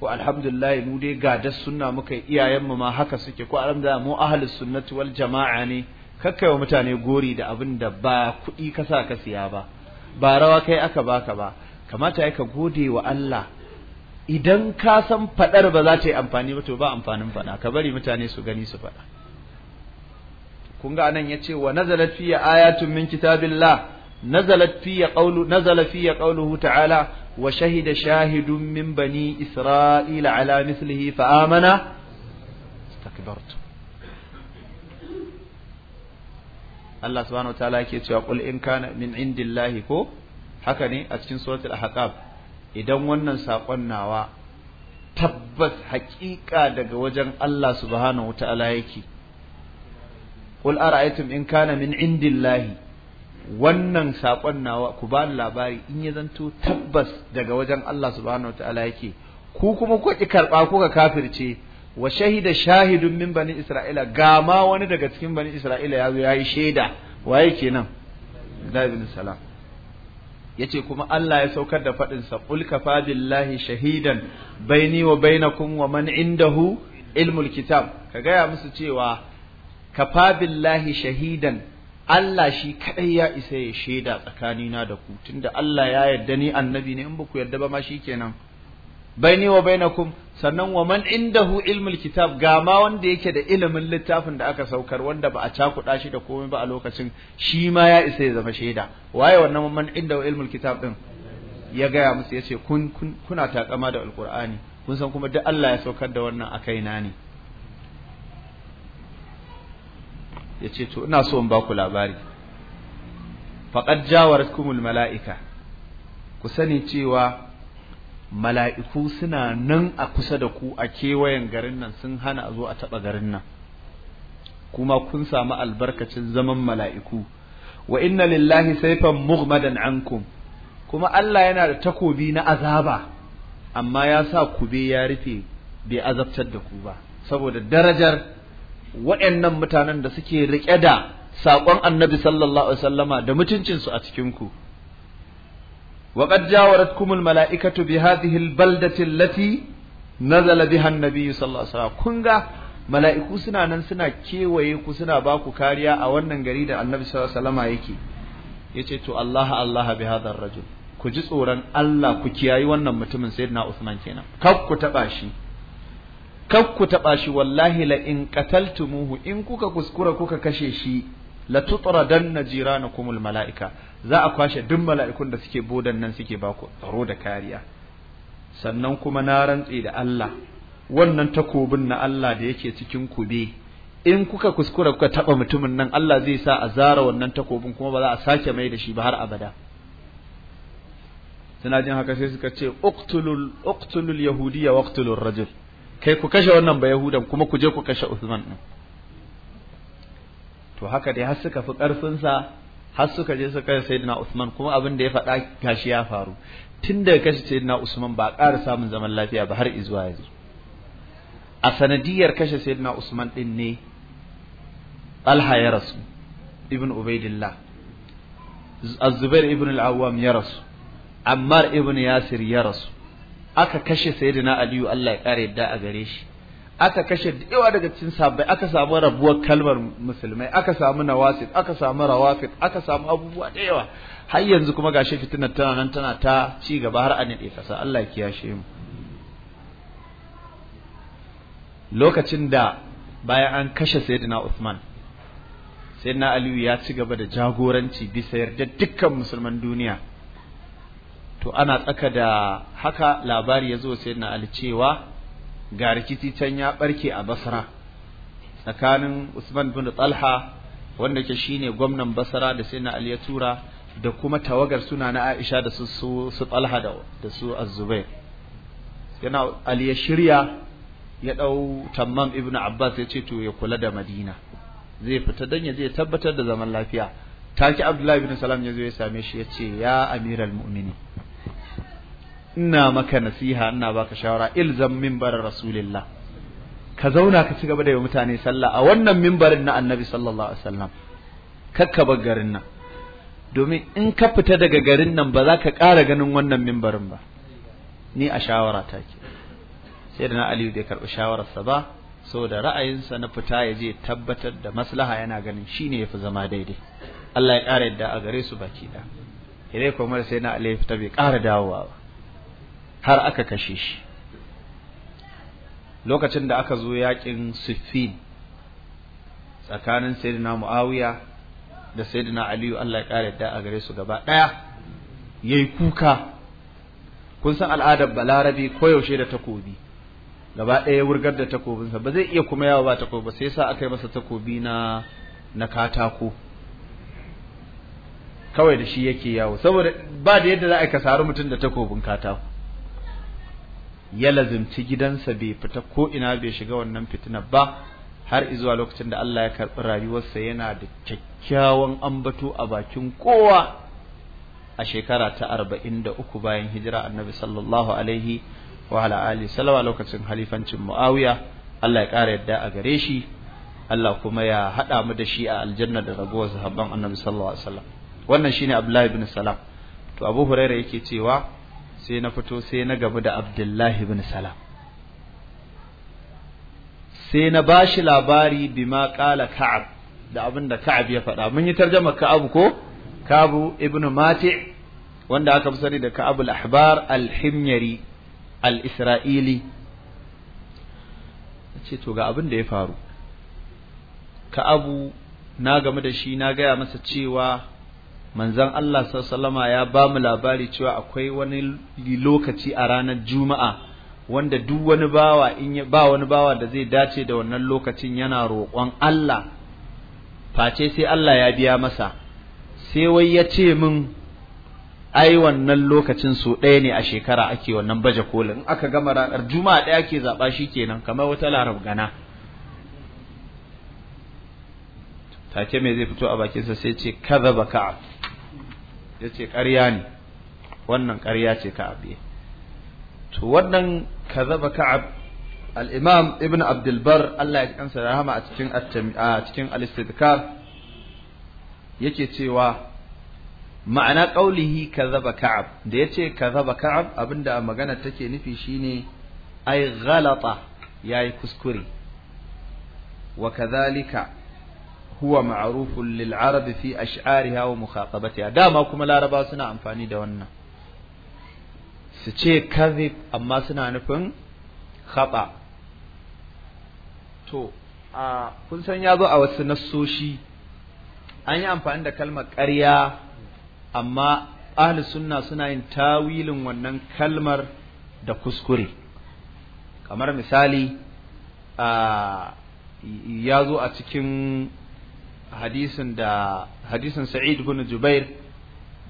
ko alhamdulillah mu dai da sunna muka mu ma haka suke ko alhamdulillah mu ahlus sunnati wal jama'a ne kakkai wa mutane gori da abin da ba kuɗi ka sa ka siya ba ba rawa kai aka baka ba kamata ya ka gode wa Allah idan ka san fadar ba za ta yi amfani ba to ba amfanin fada ka bari mutane su gani su fada kun ga anan yace wa nazalat fi ayatun min kitabillah nazalat fi qawlu nazala fi qawluhu wa shahida shahidun min bani isra'ila ala mithlihi fa amana Allah subhanahu wa ta'ala yake cewa qul in kana min indillahi ko haka ne a cikin suratul ahqab idan wannan sakon nawa tabbas haƙiƙa daga wajen Allah subhanahu wa ta'ala yake qul ara'aytum in kana min wannan saƙon nawa ku ba labari in ya zanto tabbas daga wajen Allah subhanahu ta'ala yake ku kuma ku ki karɓa kuka kafirce wa shahida shahidun min bani isra'ila ga ma wani daga cikin bani isra'ila ya zo ya yi shaida waye kenan da salam yace kuma Allah ya saukar da faɗin sa qul kafa billahi shahidan baini wa bainakum wa man indahu ilmul kitab ka gaya musu cewa kafa billahi shahidan Allah shi kaɗai ya isa ya shaida tsakanina da ku tunda Allah ya yarda ni annabi ne in ba ku yarda ba ma shi kenan baini wa bainakum sannan wa man indahu ilmul kitab ga ma wanda yake da ilimin littafin da aka saukar wanda ba a cakuɗa shi da komai ba a lokacin shi ma ya isa ya zama shaida waye wannan man indahu ilmul kitab din ya gaya musu yace kun kuna takama da alqur'ani kun san kuma duk Allah ya saukar da wannan a na ne ya ce to ina so in ba ku labari faƙad jawaratkumul mala'ika ku sani cewa mala'iku suna nan a kusa da ku a kewayen garin nan sun hana zo a taɓa garin nan kuma kun samu albarkacin zaman mala'iku wa inna lillahi saifan mughmadan ankum kuma Allah yana da takobi na azaba amma ya sa kube ya rufe bai azabtar da ku ba saboda darajar waɗannan mutanen da suke riƙe da saƙon annabi sallallahu alaihi wasallama da mutuncinsu a cikinku wa qad mala'ikatu bi hadhihi al baldati allati nazala biha an nabiy sallallahu alaihi wasallam kun ga mala'iku suna nan suna kewaye ku suna ba ku kariya a wannan gari da annabi sallallahu alaihi wasallama yake yace to Allah Allah bi hadha ar rajul ku ji tsoron Allah ku kiyayi wannan mutumin sayyidina Usman kenan kar ku taba shi kak ku taɓa shi wallahi la in qataltumuhu in kuka kuskura kuka kashe shi la tutradanna jiranakumul mala'ika za a kwashe duk mala'ikun da suke bodan nan suke ba ku tsaro da kariya sannan kuma na rantse da Allah wannan takobin na Allah da yake cikin kube in kuka kuskura kuka taɓa mutumin nan Allah zai sa a zara wannan takobin kuma ba za a sake mai da shi ba har abada suna jin haka sai suka ce uqtulul uqtulul yahudiyya waqtulur rajul kai ku kashe wannan ba yahudan kuma ku je ku kashe usman din to haka dai har suka fi karfin sa har suka je suka kashe sayyidina usman kuma abin da ya faɗa gashi ya faru tun daga kashe sayyidina usman ba ƙara samun zaman lafiya ba har izuwa yanzu a sanadiyar kashe sayyidina usman din ne talha ya rasu ibn ubaidillah az-zubair ibn al-awwam ya rasu ammar ibn yasir ya rasu aka kashe sayyidina aliyu Allah ya kare yadda a gare shi aka kashe yawa daga cikin sabbai aka samu rabuwar kalmar musulmai aka samu nawasit aka samu rawafid aka samu abubuwa da yawa har yanzu kuma gashi fitinar tana nan tana ta ci gaba har an yi kasa Allah ya kiyashe mu lokacin da bayan an kashe sayyidina Uthman sayyidina Aliyu ya ci gaba da jagoranci bisa yarda dukkan musulman duniya to ana tsaka da haka labari ya zo sai na alcewa ga rikici can ya barke a basra tsakanin usman bin talha wanda ke shine gwamnan basra da sai na ali ya tura da kuma tawagar suna na aisha da su su talha da su azzubai yana ali ya shirya ya ɗau tammam Ibn abbas ya ce to ya kula da madina zai fita dan ya je tabbatar da zaman lafiya take abdullahi bin salam ya zo ya same shi ya ce ya amiral mu'minin ina maka nasiha ina baka shawara ilzam minbar rasulillah ka zauna ka ci gaba da yi mutane sallah a wannan minbarin na annabi sallallahu alaihi wasallam kakka bar garin nan domin in ka fita daga garin nan ba za ka ƙara ganin wannan minbarin ba ni a shawara ta ke sai da na aliyu bai karɓi shawararsa ba saboda ra'ayinsa na fita ya je tabbatar da maslaha yana ganin shine ya fi zama daidai Allah ya ƙara yadda a gare su baki ɗaya. Ire kuma sai na aliyu fita bai ƙara dawowa ba. har aka kashe shi lokacin da aka zo yakin siffin tsakanin sayyidina muawiya da sayyidina aliyu Allah ya kare da a gare su gaba daya yayi kuka kun san al'adar balarabi koyaushe da takobi gaba daya wurgar da takobinsa ba zai iya kuma yawo ba takobi sai sa aka yi masa takobi na na katako kawai da shi yake yawo saboda ba da yadda za a ka sari mutum da takobin katako ya lazimci gidansa bai fita ko ina bai shiga wannan fitinar ba har izuwa lokacin da Allah ya karɓi rayuwarsa yana da kyakkyawan ambato a bakin kowa a shekara ta arba'in da uku bayan hijira annabi sallallahu alaihi wa ala salawa lokacin halifancin muawiya Allah ya ƙara yadda a gare shi Allah kuma ya haɗa mu da shi a aljanna da ragowar sahabban annabi sallallahu alaihi wasallam wannan shine Abdullahi bin Salam to Abu Hurairah yake cewa sai na fito sai na gabu da abdullahi bin salam sai na bashi labari bima qala ka'ab da abin da ka'ab ya faɗa mun yi tarjama ka'ab ko kabu ibnu mati wanda aka fi sani da ka'ab al-ahbar al-himyari al-isra'ili ce to ga abin da ya faru ka'abu na gamu da shi na gaya masa cewa manzon Allah sallama ya ba mu labari cewa akwai wani lokaci a ranar juma'a wanda duk wani bawa in ba wani bawa da zai dace da wannan lokacin yana roƙon Allah face sai Allah ya biya masa sai wai ya ce min ai wannan lokacin su ɗaya ne a shekara ake wannan baje kolin? aka gama ranar juma'a ɗaya ke zaɓa shi kenan kamar wata larab gana take me zai fito a bakinsa sai ce kaza baka ya ce ƙarya ne wannan ƙarya ce ka'ab ya to wannan kazaba ka al-imam ibn Abdulbar Allah ya kansa rahama a cikin a cikin al-istidkar yake cewa ma'ana qaulihi kazaba ka'ab da yace kazaba ka'ab abinda magana take nufi shine ai ghalata yayi kuskure wa kadhalika huwa ma'rufun lil arab fi ash'ariha wa mukhatabatiha dama kuma laraba suna amfani da wannan su ce kadhib amma suna nufin khata to a kun san ya zo a wasu nassoshi an yi amfani da kalmar ƙarya amma ahli sunna suna yin tawilin wannan kalmar da kuskure kamar misali ya zo a cikin hadisin da hadisin Sa'id ibn Jubair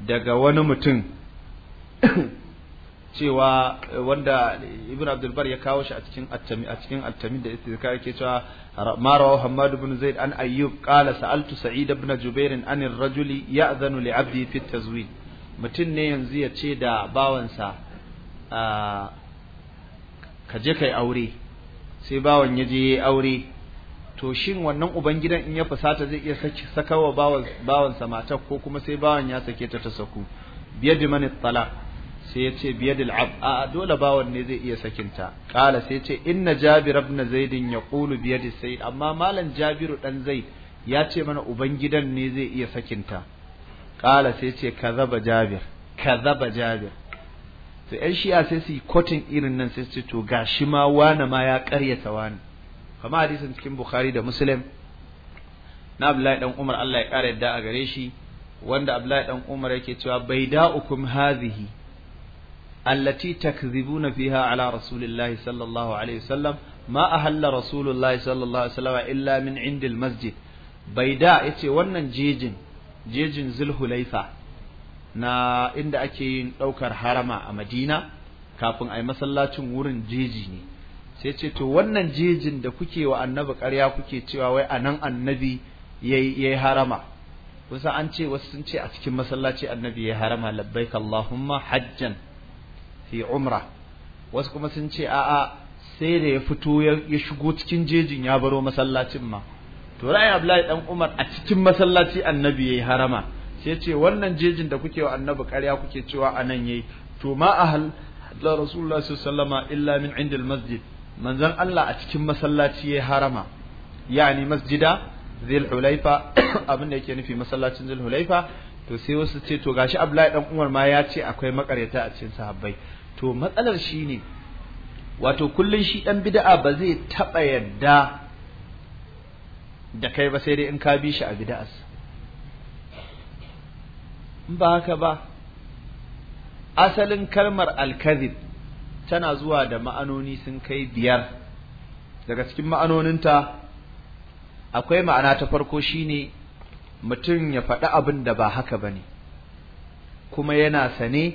daga wani mutum cewa eh, wanda Ibn Abdul ya kawo shi a cikin attami a cikin attami da ita yake cewa ma rawahu Hammad ibn Zaid an Ayyub qala sa'altu Sa'id ibn Jubair an ar-rajuli ya'zanu li 'abdi fi tazwij mutum ne yanzu ya ce da bawansa ah, ka je kai aure sai bawan ya je aure to shin wannan ubangidan in ya fusata zai iya saka wa bawansa matar ko kuma sai bawan ya sake ta ta saku da mani tala sai ya ce da ab a dole bawan ne zai iya sakinta kala sai ce inna jabir ibn zaidin biyar da sayyid amma malam jabiru dan zaid ya ce mana ubangidan ne zai iya sakinta kala sai ce kazaba jabir kazaba jabir to ƴan shi'a sai su yi kotin irin nan sai su ce to gashi ma wani ma ya ƙaryata wani kamar hadisin cikin bukhari da muslim na abdullahi dan umar Allah ya kara yadda a gare shi wanda abdullahi dan umar yake cewa baida'ukum hadhihi allati takzibuna fiha ala Rasulillah sallallahu alaihi wasallam ma ahalla rasulullah sallallahu alaihi wasallam illa min indil masjid baida yace wannan jejin jejin zulhulaifa na inda ake yin daukar harama a madina kafin a yi masallacin wurin jeji ne sai ce to wannan jejin da kuke wa annabi ƙarya kuke cewa wai anan annabi ya yi harama kusa an ce wasu sun ce a cikin masallaci annabi ya yi harama labbaik Allahumma hajjan fi umra wasu kuma sun ce a'a sai da ya fito ya shigo cikin jejin ya baro masallacin ma to ra'ayi Abdullahi dan Umar a cikin masallaci annabi ya yi harama sai ce wannan jejin da kuke wa annabi ƙarya kuke cewa anan yayi to ma ahal da Rasulullah sallallahu alaihi wasallama illa min indil masjid manzon Allah a cikin masallaci ya harama yani masjida zil hulaifa abin da yake nufi masallacin zil hulaifa to sai wasu ce to gashi Abdullahi dan Umar ma ya ce akwai makaryata a cikin sahabbai to matsalar shi ne wato kullun shi dan bid'a ba zai taba yadda da kai ba sai dai in ka bi shi a bid'as in ba haka ba asalin kalmar al tana zuwa da ma'anoni sun kai biyar daga cikin ma'anoninta akwai ma'ana ta farko shine mutum ya faɗi abin da ba haka ba ne kuma yana sane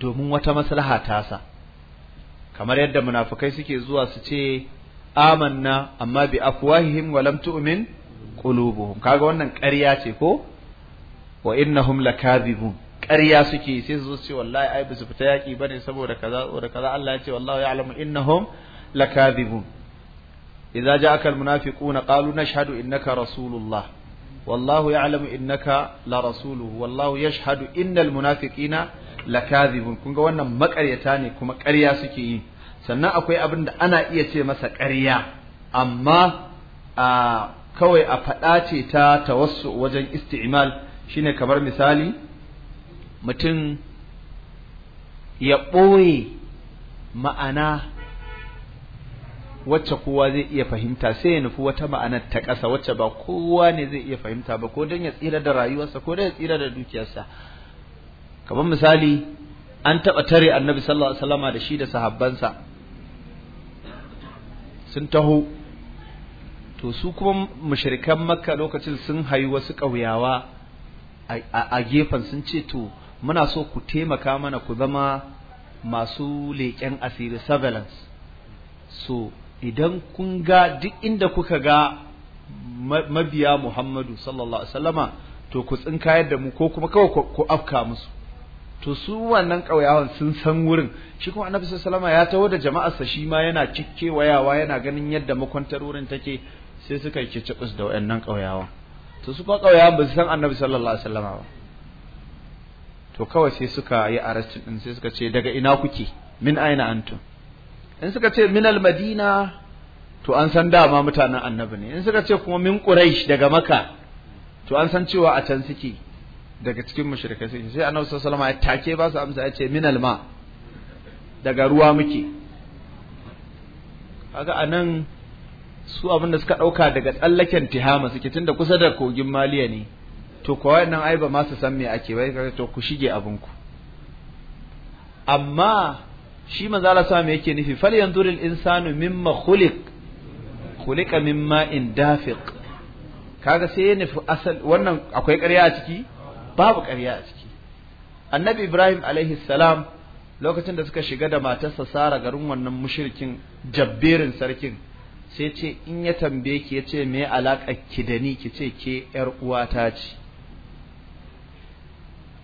domin wata maslaha tasa kamar yadda munafukai suke zuwa su ce amanna amma bi afwahihim wa lam tu'min qulubuhum kaga wannan ƙarya ce ko wa innahum lakadhibun ƙarya suke sai su zo ce wallahi ai ba su fita yaƙi bane saboda kaza saboda kaza Allah ya ce wallahu ya'lamu innahum lakadhibun idza ja'aka almunafiquna qalu nashhadu innaka rasulullah wallahu ya'lamu innaka la rasuluhu wallahu yashhadu innal munafiqina lakadhibun kun ga wannan makaryata ne kuma ƙarya suke yi sannan akwai abin da ana iya ce masa ƙarya amma a kawai a faɗa ce ta tawassu wajen isti'mal shine kamar misali mutum ya ɓoye ma'ana wacce kowa zai iya fahimta sai ya nufi wata ma'anar ta ƙasa wacce ba kowa ne zai iya fahimta ba ko don ya tsira da rayuwarsa ko don ya tsira da dukiyarsa kamar misali an taɓa tare annabi sallallahu alaihi wasallama da shi da sahabbansa sun taho to su kuma mushrikan makka lokacin sun haihu wasu ƙauyawa a gefen sun ce to muna so ku taimaka mana ku zama masu leƙen asiri surveillance so idan kun ga duk inda kuka ga mabiya Muhammadu sallallahu alaihi to ku tsinkayar da mu ko kuma kawai ku afka musu to su wannan ƙauyawan sun san wurin shi kuma annabi sallallahu ya taho da jama'arsa shi ma yana wayawa yana ganin yadda makwantar wurin take sai suka yi kicibus da wayannan ƙauyawan to su ba ƙauyawan ba su san annabi sallallahu alaihi wasallama ba to kawai sai suka yi arrest din sai suka ce daga ina kuke min aina antum in suka ce min al-madina to an san dama mutanen annabi ne in suka ce kuma min quraish daga maka to an san cewa a can suke daga cikin mushrikai sai annabi sallallahu alaihi wasallam ya take ba su amsa ya ce min al-ma daga ruwa muke kaga anan su abin da suka dauka daga tsallaken tihama suke tunda kusa da kogin maliya ne to kuwa wayannan ai ba ma su san me ake bai kaga to ku shige abin ku amma shi manzo Allah sa me yake nufi fal yanzuril insanu mimma khuliq khuliqa mimma in dafiq kaga sai ya nufi asal wannan akwai ƙarya a ciki babu ƙarya a ciki annabi ibrahim alaihi salam lokacin da suka shiga da matarsa sara garin wannan mushrikin jabberin sarkin sai ce in ya tambaye ki ya ce me alaƙa ki da ni ki ce ke yar uwata ce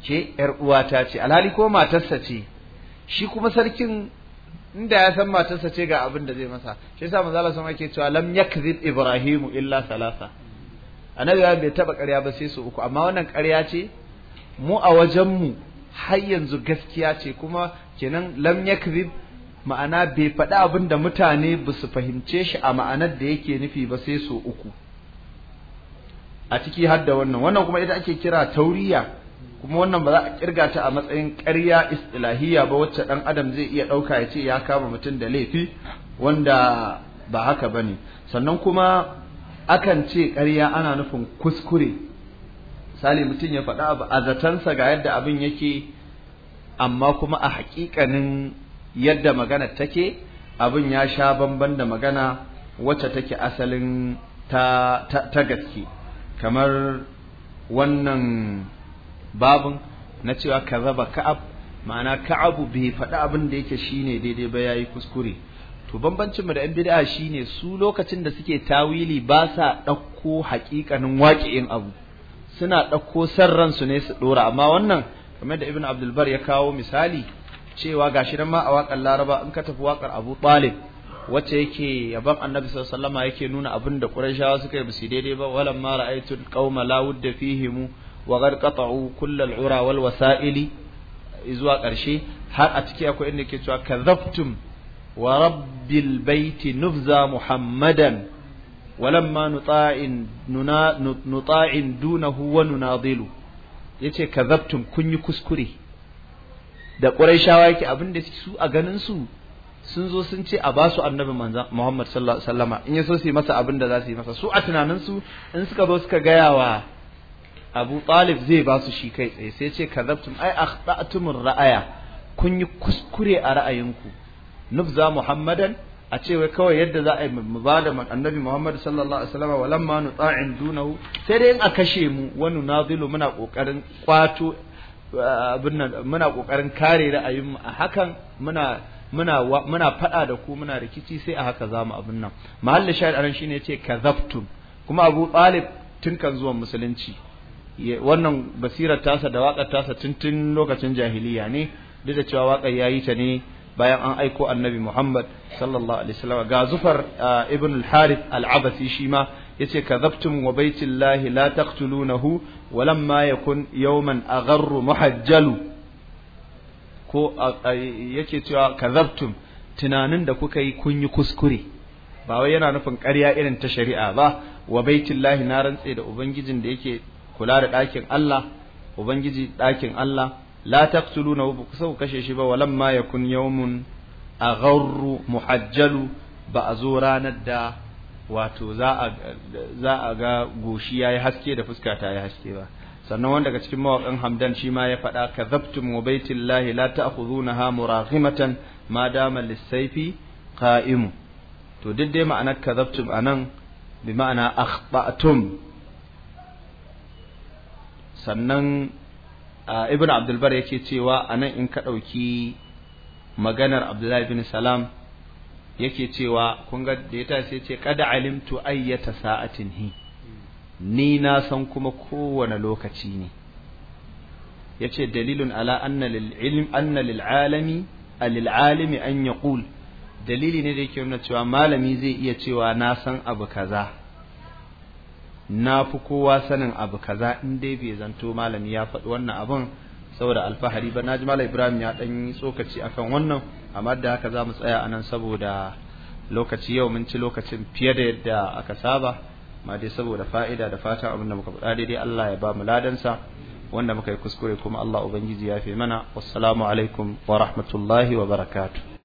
ke yar uwata ce alhali ko matarsa ce shi kuma sarkin inda ya san matarsa ce ga abin da zai masa shi sa manzo Allah sama cewa lam ibrahim illa salasa annabi ya bai taba karya ba sai su uku amma wannan karya ce mu a wajenmu har yanzu gaskiya ce kuma kenan lam yakzib ma'ana bai faɗi abin da mutane ba su fahimce shi a ma'anar da yake nufi ba sai su uku a ciki har da wannan wannan kuma ita ake kira tauriya kuma wannan ba za a kirga ta a matsayin ƙarya istilahiyya ba wacce ɗan adam zai iya ɗauka ya ce ya kama mutum da laifi wanda ba haka ba ne sannan kuma akan ce ƙarya ana nufin kuskure misali mutum ya faɗa abu a zatansa ga yadda abin yake amma kuma a haƙiƙanin yadda magana take abin ya sha bamban da magana wacce take asalin ta gaske kamar wannan babin na cewa zaba ka'ab ma'ana ka'abu bai faɗi abin da yake shine daidai ba yayi kuskure to bambancin mu da yan bid'a shine su lokacin da suke tawili ba sa ɗauko haƙiƙanin in abu suna ɗauko san ransu ne su ɗora amma wannan kamar da ibn Abdulbar ya kawo misali cewa gashi nan ma a waƙar laraba in ka tafi waƙar abu talib wacce yake yaban annabi sallallahu alaihi wasallam yake nuna abin da ƙurashawa suka yi ba su daidai ba walamma ra'aytu qauma la wudda fihimu wa qad qata'u ura wal wasa'ili zuwa ƙarshe har a ciki akwai inda ke cewa kadhaftum wa rabbil baiti nufza muhammadan walamma nuta'in nuna nuta'in dunahu wa nunadilu yace kadhaftum kun yi kuskure da quraishawa yake abinda su a ganin su sun zo sun ce a basu annabi manzan Muhammad sallallahu alaihi wasallama in yaso su yi masa abin da za su yi masa su a tunanin su in suka zo suka gaya wa Abu Talib zai ba su shi kai tsaye sai ce kadzabtum ai akhta'tum ra'aya kun yi kuskure a ra'ayinku nubza Muhammadan a ce wai kawai yadda za a yi mu ba annabi Muhammad sallallahu alaihi wasallam walan ma nuta'in dunahu sai dai in a kashe mu wani nazilu muna kokarin kwato abin muna kokarin kare ra'ayinmu a hakan muna muna muna fada da ku muna rikici sai a haka zamu abin nan mahallin shahid anan shine yace kazabtum kuma Abu Talib tun kan zuwan musulunci wannan basirar tasa da waƙar tasa tuntun lokacin jahiliya ne duk da cewa waƙar ya yi ta ne bayan an aiko annabi Muhammad sallallahu alaihi wasallam ga zufar ibn al-harith al-abasi shi ma yace kadhabtum wa baitillahi la taqtulunahu wa lamma yakun yawman agharru muhajjalu ko yake cewa kadhabtum tunanin da kuka yi kun yi kuskure ba wai yana nufin ƙarya irin ta shari'a ba wa baitillahi na rantse da ubangijin da yake kula da ɗakin Allah ubangiji ɗakin Allah la taqtuluna wa ku kashe shi ba walamma yakun yawmun agharru muhajjalu ba a zo ranar da wato za a ga goshi ya yi haske da fuska ta yi haske ba sannan wanda daga cikin mawaƙan hamdan shi ma ya faɗa ka zabtum wa baitillahi la ta'khudunaha muraghimatan ma dama lisayfi ka'imu. to duk dai ma'anar ka anan bi ma'ana akhta'tum sannan ibn abdulbar yake cewa anan in ka ɗauki maganar abdullahi bin salam yake cewa kun ga da ya tashi ce kada alimtu ayyata sa'atin hi ni na san kuma kowane lokaci ne yace dalilun ala anna lil ilm anna lil alami alil alimi an yaqul dalili ne da yake nuna cewa malami zai iya cewa na san abu kaza na fi kowa sanin abu kaza in dai bai zanto malami ya faɗi wannan abun saboda alfahari ba naji malam ibrahim ya ɗan yi tsokaci akan wannan amma da haka za mu tsaya a nan saboda lokaci yau mun ci lokacin fiye da yadda aka saba ma dai saboda fa'ida da fatan abin da muka faɗa daidai Allah ya ba mu ladansa wanda muka yi kuskure kuma Allah ubangiji ya fi mana wassalamu alaikum wa rahmatullahi wa barakatuh